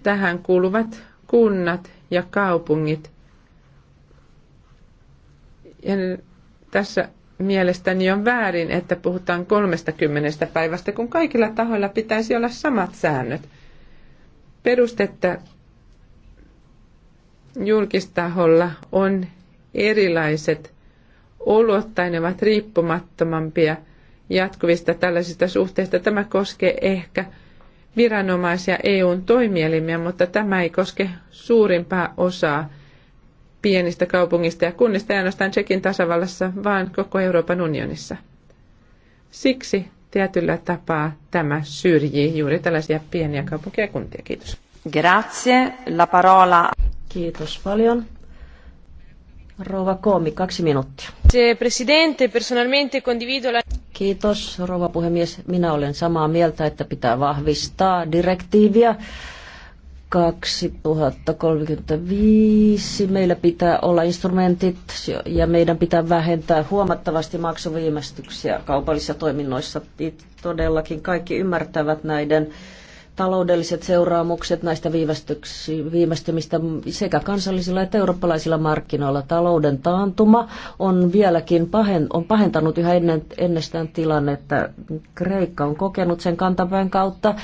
Tähän kuuluvat kunnat ja kaupungit. Ja tässä mielestäni on väärin, että puhutaan 30 päivästä, kun kaikilla tahoilla pitäisi olla samat säännöt. Perustetta julkistaholla on erilaiset olot tai ne ovat riippumattomampia jatkuvista tällaisista suhteista. Tämä koskee ehkä viranomaisia EUn toimielimiä, mutta tämä ei koske suurimpaa osaa pienistä kaupungista ja kunnista ei ainoastaan Tsekin tasavallassa, vaan koko Euroopan unionissa. Siksi tietyllä tapaa tämä syrjii juuri tällaisia pieniä kaupunkeja ja kuntia. Kiitos. Grazie. La parola. Kiitos paljon. Rouva Koomi, kaksi minuuttia. Presidente, personalmente condivido la... Kiitos, rouva puhemies. Minä olen samaa mieltä, että pitää vahvistaa direktiiviä. 2035 meillä pitää olla instrumentit ja meidän pitää vähentää huomattavasti maksuviimästyksiä kaupallisissa toiminnoissa. Todellakin kaikki ymmärtävät näiden taloudelliset seuraamukset näistä viivästymistä sekä kansallisilla että eurooppalaisilla markkinoilla. Talouden taantuma on vieläkin pahen, on pahentanut yhä ennen, ennestään tilannetta. Kreikka on kokenut sen kantapään kautta.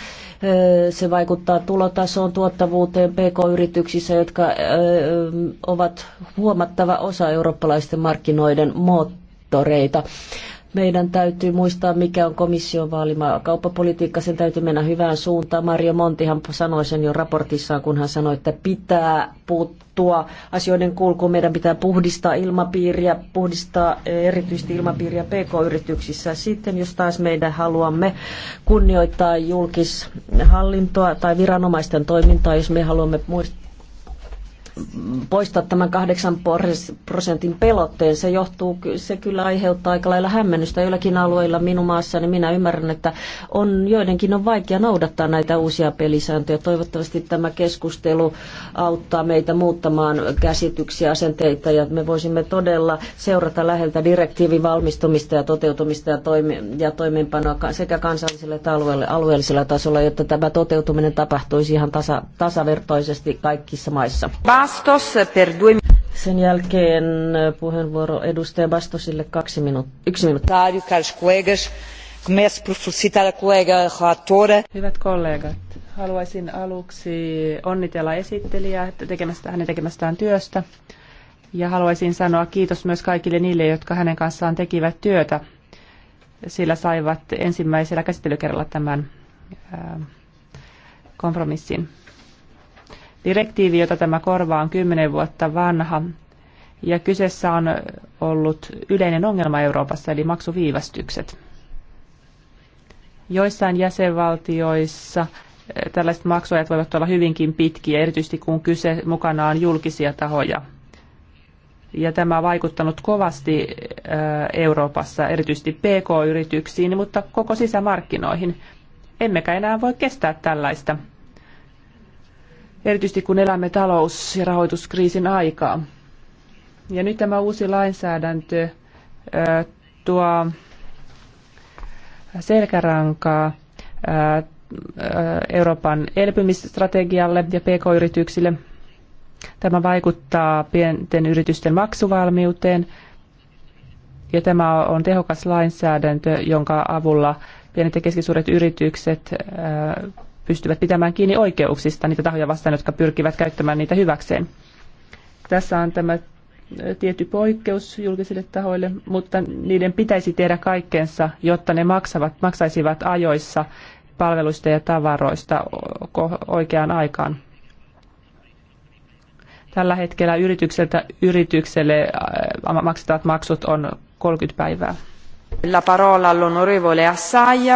Se vaikuttaa tulotasoon, tuottavuuteen pk-yrityksissä, jotka ovat huomattava osa eurooppalaisten markkinoiden moottoreita. Meidän täytyy muistaa, mikä on komission vaalima kauppapolitiikka. Sen täytyy mennä hyvään suuntaan. Mario Montihan sanoi sen jo raportissaan, kun hän sanoi, että pitää puuttua asioiden kulkuun. Meidän pitää puhdistaa ilmapiiriä, puhdistaa erityisesti ilmapiiriä PK-yrityksissä. Sitten jos taas meidän haluamme kunnioittaa julkishallintoa tai viranomaisten toimintaa, jos me haluamme muistaa poistaa tämän 8 prosentin pelotteen. Se, johtuu, se kyllä aiheuttaa aika lailla hämmennystä joillakin alueilla minun niin Minä ymmärrän, että on, joidenkin on vaikea noudattaa näitä uusia pelisääntöjä. Toivottavasti tämä keskustelu auttaa meitä muuttamaan käsityksiä, asenteita ja me voisimme todella seurata läheltä direktiivin valmistumista ja toteutumista ja, toimi, ja toimeenpanoa sekä kansallisella että alueelle, alueellisella tasolla, jotta tämä toteutuminen tapahtuisi ihan tasa- tasavertaisesti kaikissa maissa. Bye. Bastos per due... Sen jälkeen puheenvuoro edustaja Bastosille kaksi minuuttia. Yksi minuutti. Hyvät kollegat, haluaisin aluksi onnitella esittelijää tekemästä, hänen tekemästään työstä. Ja haluaisin sanoa kiitos myös kaikille niille, jotka hänen kanssaan tekivät työtä, sillä saivat ensimmäisellä käsittelykerralla tämän kompromissin. Direktiivi, jota tämä korvaa, on kymmenen vuotta vanha ja kyseessä on ollut yleinen ongelma Euroopassa, eli maksuviivästykset. Joissain jäsenvaltioissa eh, tällaiset maksuajat voivat olla hyvinkin pitkiä, erityisesti kun kyse mukana on julkisia tahoja. Ja tämä on vaikuttanut kovasti eh, Euroopassa, erityisesti PK-yrityksiin, mutta koko sisämarkkinoihin. Emmekä enää voi kestää tällaista erityisesti kun elämme talous- ja rahoituskriisin aikaa. Ja nyt tämä uusi lainsäädäntö tuo selkärankaa Euroopan elpymisstrategialle ja pk-yrityksille. Tämä vaikuttaa pienten yritysten maksuvalmiuteen ja tämä on tehokas lainsäädäntö, jonka avulla pienet ja keskisuuret yritykset pystyvät pitämään kiinni oikeuksista niitä tahoja vastaan, jotka pyrkivät käyttämään niitä hyväkseen. Tässä on tämä tietty poikkeus julkisille tahoille, mutta niiden pitäisi tehdä kaikkensa, jotta ne maksavat, maksaisivat ajoissa palveluista ja tavaroista oikeaan aikaan. Tällä hetkellä yritykseltä yritykselle maksetaat maksut on 30 päivää. La parola all'onorevole Assaia.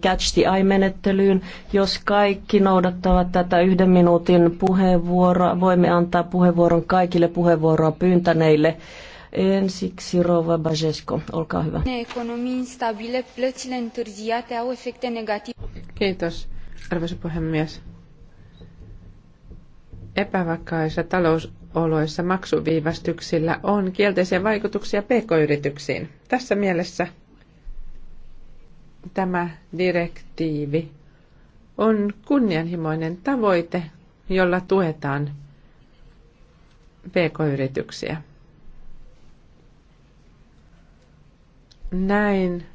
catch the eye-menettelyyn. Jos kaikki noudattavat tätä yhden minuutin puheenvuoroa, voimme antaa puheenvuoron kaikille puheenvuoroa pyyntäneille. Ensiksi Rova Bajesko, olkaa hyvä. Kiitos, arvoisa puhemies. Epävakaissa talousoloissa maksuviivästyksillä on kielteisiä vaikutuksia pk-yrityksiin. Tässä mielessä tämä direktiivi on kunnianhimoinen tavoite, jolla tuetaan pk-yrityksiä. Näin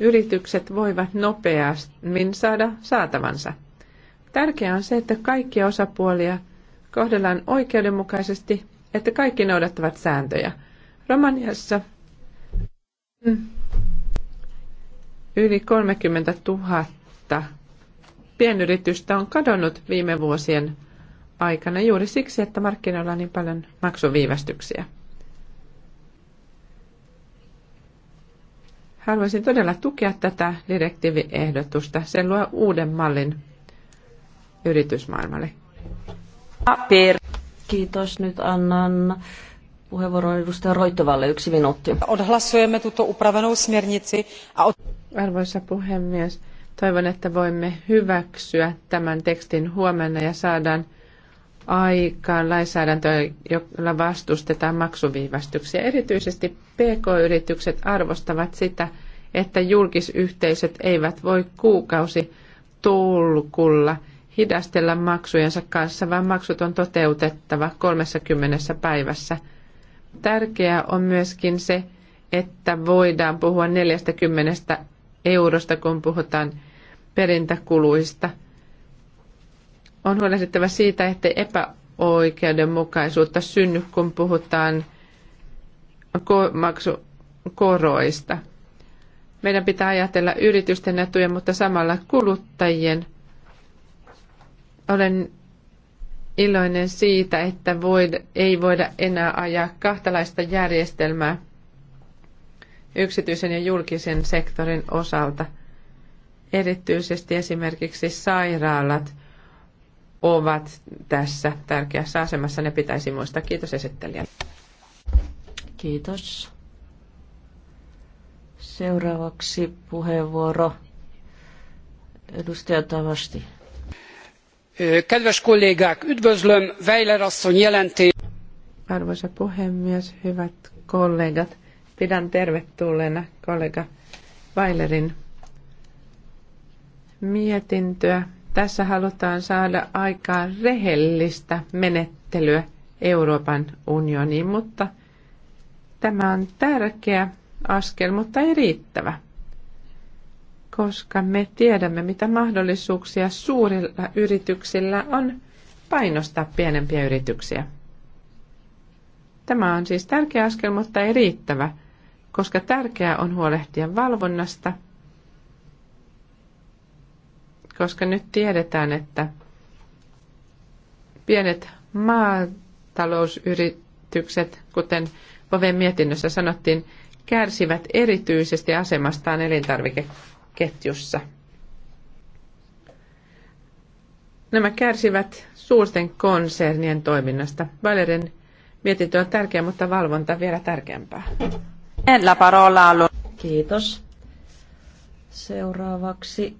yritykset voivat nopeasti saada saatavansa. Tärkeää on se, että kaikki osapuolia kohdellaan oikeudenmukaisesti, että kaikki noudattavat sääntöjä. Romaniassa Yli 30 000 pienyritystä on kadonnut viime vuosien aikana juuri siksi, että markkinoilla on niin paljon maksuviivästyksiä. Haluaisin todella tukea tätä direktiiviehdotusta. Se luo uuden mallin yritysmaailmalle. Kiitos. Nyt annan puheenvuoron edustaja Roittovalle yksi minuutti. Odhlasujemme tuto upravenou smernici. Arvoisa puhemies, toivon, että voimme hyväksyä tämän tekstin huomenna ja saadaan aikaan lainsäädäntö, jolla vastustetaan maksuviivästyksiä. Erityisesti PK-yritykset arvostavat sitä, että julkisyhteisöt eivät voi kuukausi tulkulla hidastella maksujensa kanssa, vaan maksut on toteutettava 30 päivässä – Tärkeää on myöskin se, että voidaan puhua 40 eurosta, kun puhutaan perintäkuluista. On huolehdittava siitä, että epäoikeudenmukaisuutta synny, kun puhutaan maksukoroista. Meidän pitää ajatella yritysten etuja, mutta samalla kuluttajien. Olen iloinen siitä, että voi, ei voida enää ajaa kahtalaista järjestelmää yksityisen ja julkisen sektorin osalta. Erityisesti esimerkiksi sairaalat ovat tässä tärkeässä asemassa. Ne pitäisi muistaa. Kiitos esittelijälle. Kiitos. Seuraavaksi puheenvuoro edustaja Tavasti Kedves kollégák, üdvözlöm Weiler asszony jelentését. Arvoisa puhemies, hyvät kollegat, pidän tervetulleena kollega Weilerin mietintöä. Tässä halutaan saada aikaan rehellistä menettelyä Euroopan unioniin, mutta tämä on tärkeä askel, mutta ei riittävä koska me tiedämme, mitä mahdollisuuksia suurilla yrityksillä on painostaa pienempiä yrityksiä. Tämä on siis tärkeä askel, mutta ei riittävä, koska tärkeää on huolehtia valvonnasta, koska nyt tiedetään, että pienet maatalousyritykset, kuten Poven mietinnössä sanottiin, kärsivät erityisesti asemastaan elintarvike ketjussa. Nämä kärsivät suurten konsernien toiminnasta. Valerin mietintö on tärkeä, mutta valvonta vielä tärkeämpää. En La parola alo. Kiitos. Seuraavaksi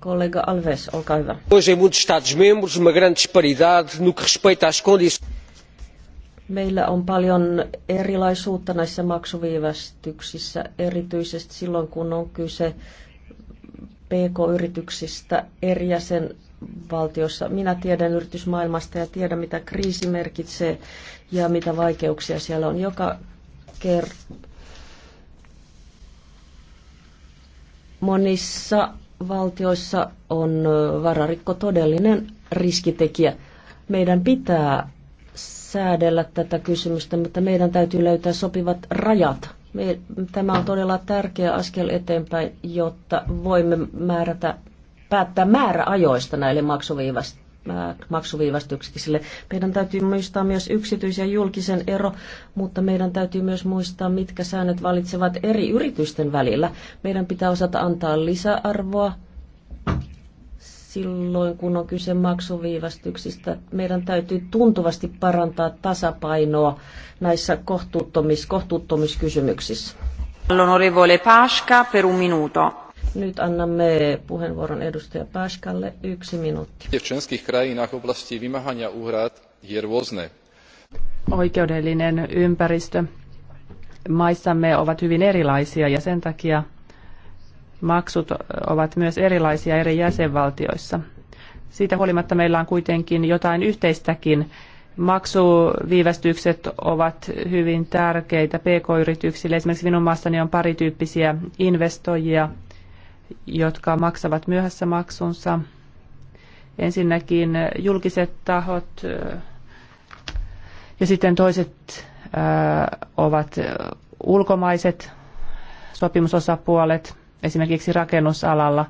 kollega Alves, olkaa hyvä. Hoje em muitos Estados-membros uma grande disparidade no que respeita às condições Meillä on paljon erilaisuutta näissä maksuviivästyksissä, erityisesti silloin kun on kyse PK-yrityksistä eri jäsenvaltiossa. Minä tiedän yritysmaailmasta ja tiedän, mitä kriisi merkitsee ja mitä vaikeuksia siellä on. Joka kerta monissa valtioissa on vararikko todellinen riskitekijä. Meidän pitää säädellä tätä kysymystä, mutta meidän täytyy löytää sopivat rajat. Me, tämä on todella tärkeä askel eteenpäin, jotta voimme määrätä, päättää määräajoista näille maksuviivasta äh, maksuviivastuksille. Meidän täytyy muistaa myös yksityisen ja julkisen ero, mutta meidän täytyy myös muistaa, mitkä säännöt valitsevat eri yritysten välillä. Meidän pitää osata antaa lisäarvoa silloin, kun on kyse maksuviivästyksistä, meidän täytyy tuntuvasti parantaa tasapainoa näissä kohtuuttomis, kohtuuttomiskysymyksissä. L'onorevole Pasca per un minuto. Nyt annamme puheenvuoron edustaja Paskalle yksi minuutti. V členských oblasti vimahania uhrat je Oikeudellinen ympäristö maissamme ovat hyvin erilaisia ja sen takia maksut ovat myös erilaisia eri jäsenvaltioissa. Siitä huolimatta meillä on kuitenkin jotain yhteistäkin. Maksuviivästykset ovat hyvin tärkeitä pk-yrityksille. Esimerkiksi minun maassani on parityyppisiä investoijia, jotka maksavat myöhässä maksunsa. Ensinnäkin julkiset tahot ja sitten toiset ovat ulkomaiset sopimusosapuolet – esimerkiksi rakennusalalla.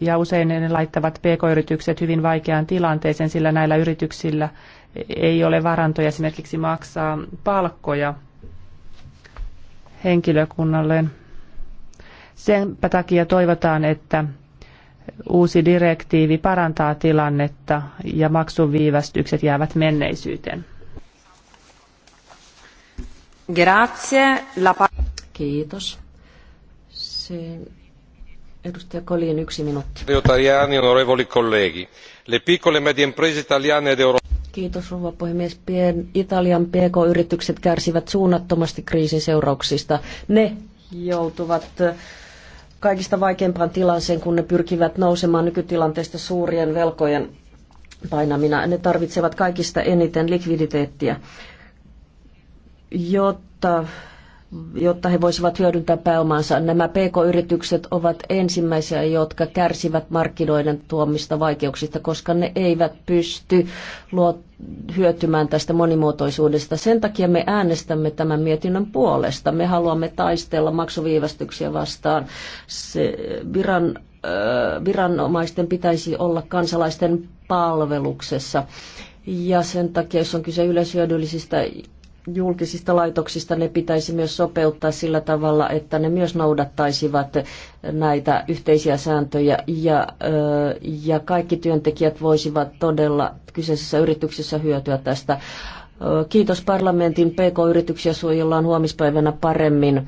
Ja usein ne laittavat pk-yritykset hyvin vaikeaan tilanteeseen, sillä näillä yrityksillä ei ole varantoja esimerkiksi maksaa palkkoja henkilökunnalle. Senpä takia toivotaan, että uusi direktiivi parantaa tilannetta ja maksuviivästykset jäävät menneisyyteen. Grazie. La... Kiitos. Seuraavaksi e Kiitos puhemies. Pien, Italian PK-yritykset kärsivät suunnattomasti kriisin seurauksista. Ne joutuvat eh, kaikista vaikeimpaan tilanteeseen, kun ne pyrkivät nousemaan nykytilanteesta suurien velkojen painamina. Ne tarvitsevat kaikista eniten likviditeettiä, jotta jotta he voisivat hyödyntää pääomaansa. Nämä PK-yritykset ovat ensimmäisiä, jotka kärsivät markkinoiden tuomista vaikeuksista, koska ne eivät pysty luottamaan hyötymään tästä monimuotoisuudesta. Sen takia me äänestämme tämän mietinnön puolesta. Me haluamme taistella maksuviivästyksiä vastaan. Se viran, viranomaisten pitäisi olla kansalaisten palveluksessa. Ja sen takia, jos on kyse yleishyödyllisistä julkisista laitoksista ne pitäisi myös sopeuttaa sillä tavalla, että ne myös noudattaisivat näitä yhteisiä sääntöjä ja, ja kaikki työntekijät voisivat todella kyseisessä yrityksessä hyötyä tästä. Kiitos parlamentin. PK-yrityksiä suojellaan huomispäivänä paremmin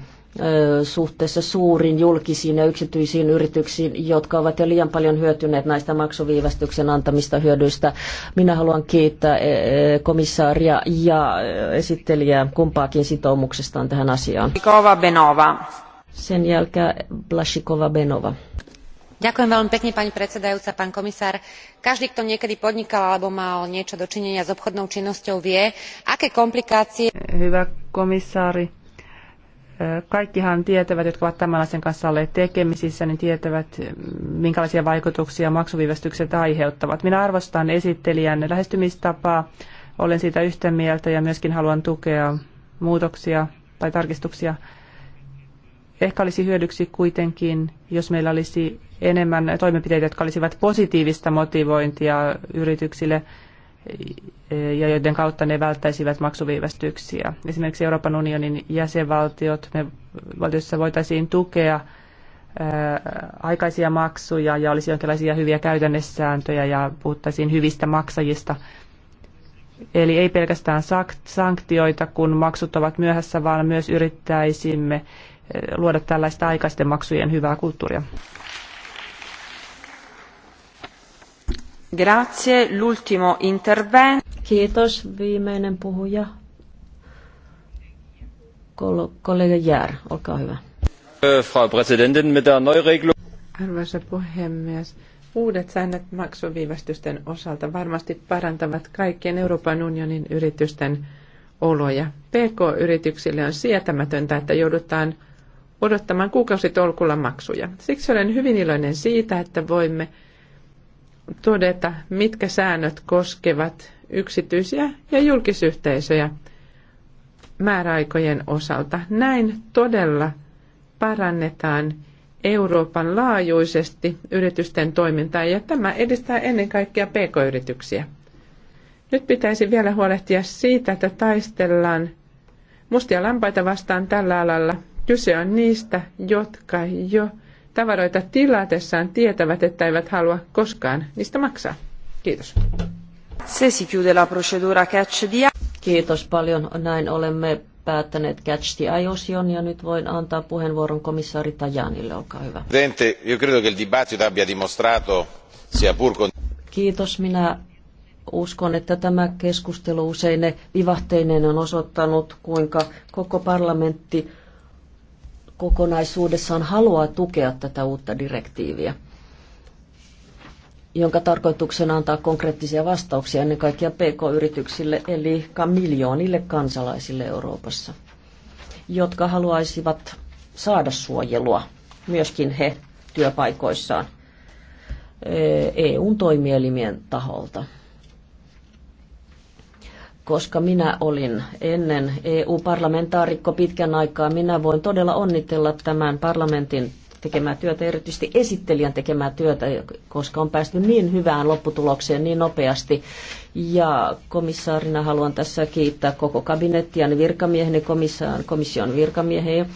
suhteessa suuriin julkisiin ja yksityisiin yrityksiin, jotka ovat jo liian paljon hyötyneet näistä maksuviivästyksen antamista hyödyistä. Minä haluan kiittää komissaaria ja esittelijää kumpaakin sitoumuksestaan tähän asiaan. Blasikova Benova. Sen jälkeen Blasikova Benova. Ďakujem veľmi pekne, pani predsedajúca, pán komisár. Každý, kto niekedy podnikal alebo mal niečo dočinenia s obchodnou činnosťou, vie, aké komplikácie... Hyvä komisári, Kaikkihan tietävät, jotka ovat tämän asian kanssa olleet tekemisissä, niin tietävät, minkälaisia vaikutuksia maksuviivästykset aiheuttavat. Minä arvostan esittelijän lähestymistapaa, olen siitä yhtä mieltä ja myöskin haluan tukea muutoksia tai tarkistuksia. Ehkä olisi hyödyksi kuitenkin, jos meillä olisi enemmän toimenpiteitä, jotka olisivat positiivista motivointia yrityksille – ja joiden kautta ne välttäisivät maksuviivästyksiä. Esimerkiksi Euroopan unionin jäsenvaltiot, me valtiossa voitaisiin tukea aikaisia maksuja ja olisi jonkinlaisia hyviä käytännössääntöjä ja puhuttaisiin hyvistä maksajista. Eli ei pelkästään sanktioita, kun maksut ovat myöhässä, vaan myös yrittäisimme luoda tällaista aikaisten maksujen hyvää kulttuuria. Grazie, l'ultimo intervento. Kiitos, viimeinen puhuja. Kollega Jär, olkaa hyvä. Äh, Frau Präsidentin, mit der Neuregelung... Arvoisa puhemies, uudet säännöt maksuviivästysten osalta varmasti parantavat kaikkien Euroopan unionin yritysten oloja. PK-yrityksille on sietämätöntä, että joudutaan odottamaan kuukausitolkulla maksuja. Siksi olen hyvin iloinen siitä, että voimme todeta, mitkä säännöt koskevat yksityisiä ja julkisyhteisöjä määräaikojen osalta. Näin todella parannetaan Euroopan laajuisesti yritysten toimintaa ja tämä edistää ennen kaikkea pk-yrityksiä. Nyt pitäisi vielä huolehtia siitä, että taistellaan mustia lampaita vastaan tällä alalla. Kyse on niistä, jotka jo – tavaroita tilatessaan tietävät, että eivät halua koskaan niistä maksaa. Kiitos. Se si chiude la procedura catch Kiitos paljon. Näin olemme päättäneet Catch the Eye-osion ja nyt voin antaa puheenvuoron komissaari Tajanille. Olkaa hyvä. Presidente, io credo che il dibattito abbia dimostrato sia pur con... Kiitos. Minä uskon, että tämä keskustelu usein vivahteinen on osoittanut, kuinka koko parlamentti kokonaisuudessaan haluaa tukea tätä uutta direktiiviä, jonka tarkoituksena antaa konkreettisia vastauksia ennen kaikkea PK-yrityksille, eli miljoonille kansalaisille Euroopassa, jotka haluaisivat saada suojelua, myöskin he työpaikoissaan eh, EUn toimielimien taholta koska minä olin ennen EU-parlamentaarikko pitkän aikaa, minä voin todella onnitella tämän parlamentin tekemää työtä, erityisesti esittelijän tekemää työtä, koska on päästy niin hyvään lopputulokseen niin nopeasti. Ja komissaarina haluan tässä kiittää koko kabinettia, virkamieheni, komission virkamieheni,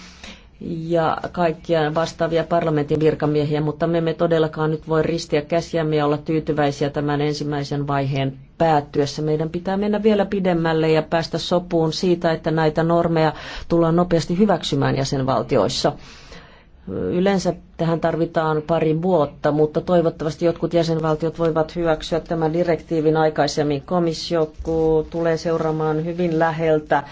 ja kaikkia vastaavia parlamentin virkamiehiä, mutta me emme todellakaan nyt voi ristiä käsiämme ja olla tyytyväisiä tämän ensimmäisen vaiheen päättyessä. Meidän pitää mennä vielä pidemmälle ja päästä sopuun siitä, että näitä normeja tullaan nopeasti hyväksymään jäsenvaltioissa. Yleensä tähän tarvitaan pari vuotta, mutta toivottavasti jotkut jäsenvaltiot voivat hyväksyä tämän direktiivin aikaisemmin. Komissio tulee seuraamaan hyvin läheltä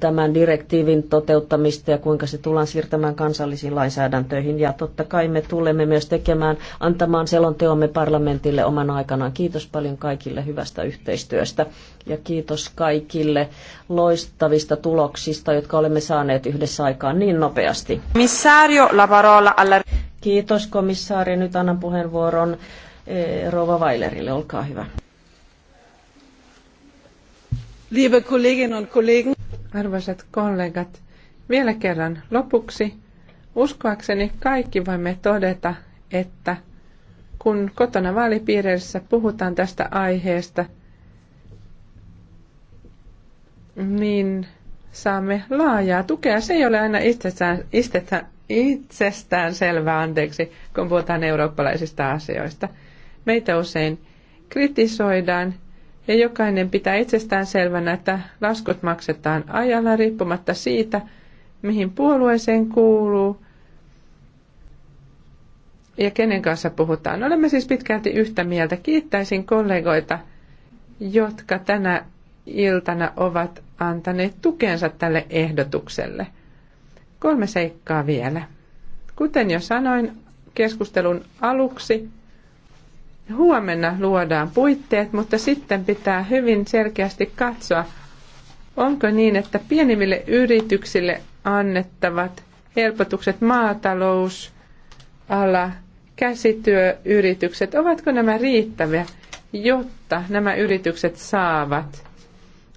tämän direktiivin toteuttamista ja kuinka se tullaan siirtämään kansallisiin lainsäädäntöihin. Ja totta kai me tulemme myös tekemään, antamaan selonteomme parlamentille oman aikanaan. Kiitos paljon kaikille hyvästä yhteistyöstä ja kiitos kaikille loistavista tuloksista, jotka olemme saaneet yhdessä aikaan niin nopeasti. Missario, la parola alla... Kiitos komissaari. Nyt annan puheenvuoron Rova Weilerille. Olkaa hyvä liebe kolleginnen und kollegen! Arvoisat kollegat, vielä kerran lopuksi. Uskoakseni kaikki voimme todeta, että kun kotona vaalipiireissä puhutaan tästä aiheesta, niin saamme laajaa tukea. Se ei ole aina itsestään, itsestään, itsestään selvää, anteeksi, kun puhutaan eurooppalaisista asioista. Meitä usein kritisoidaan ja jokainen pitää itsestään selvänä, että laskut maksetaan ajalla riippumatta siitä, mihin puolueeseen kuuluu ja kenen kanssa puhutaan. Olemme siis pitkälti yhtä mieltä. Kiittäisin kollegoita, jotka tänä iltana ovat antaneet tukensa tälle ehdotukselle. Kolme seikkaa vielä. Kuten jo sanoin keskustelun aluksi, Huomenna luodaan puitteet, mutta sitten pitää hyvin selkeästi katsoa, onko niin, että pienimmille yrityksille annettavat helpotukset maatalous, ala, käsityöyritykset, ovatko nämä riittäviä, jotta nämä yritykset saavat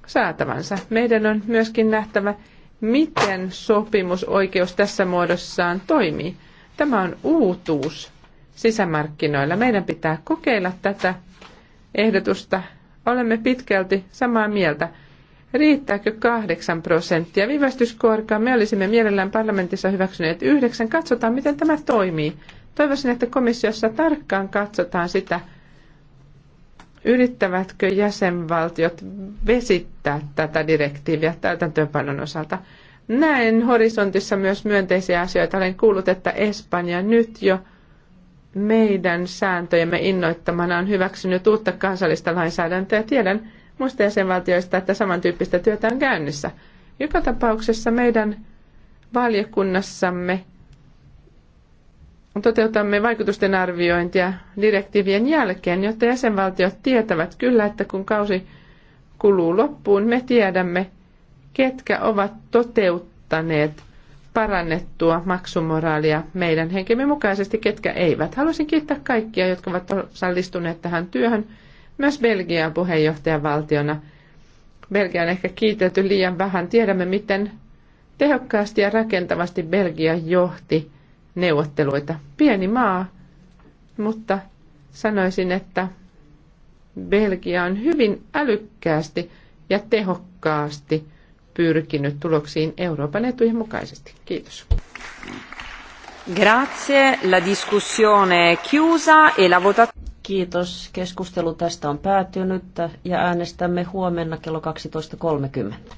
saatavansa? Meidän on myöskin nähtävä, miten sopimusoikeus tässä muodossaan toimii. Tämä on uutuus sisämarkkinoilla. Meidän pitää kokeilla tätä ehdotusta. Olemme pitkälti samaa mieltä. Riittääkö 8 prosenttia? Viivästyskorkaa me olisimme mielellään parlamentissa hyväksyneet yhdeksän. Katsotaan, miten tämä toimii. Toivoisin, että komissiossa tarkkaan katsotaan sitä, yrittävätkö jäsenvaltiot vesittää tätä direktiiviä täytäntöönpanon osalta. Näen horisontissa myös myönteisiä asioita. Olen kuullut, että Espanja nyt jo – meidän sääntöjemme innoittamana on hyväksynyt uutta kansallista lainsäädäntöä. Tiedän muista jäsenvaltioista, että samantyyppistä työtä on käynnissä. Joka tapauksessa meidän valiokunnassamme toteutamme vaikutusten arviointia direktiivien jälkeen, jotta jäsenvaltiot tietävät kyllä, että kun kausi kuluu loppuun, me tiedämme, ketkä ovat toteuttaneet parannettua maksumoraalia meidän henkemme mukaisesti, ketkä eivät. Haluaisin kiittää kaikkia, jotka ovat osallistuneet tähän työhön, myös Belgiaa puheenjohtajavaltiona. Belgia on ehkä kiitelty liian vähän. Tiedämme, miten tehokkaasti ja rakentavasti Belgia johti neuvotteluita. Pieni maa, mutta sanoisin, että Belgia on hyvin älykkäästi ja tehokkaasti – pyrkinyt tuloksiin Euroopan etujen mukaisesti. Kiitos. Grazie, la discussione è chiusa e la vota... Kiitos. Keskustelu tästä on päätynyt ja äänestämme huomenna kello 12.30.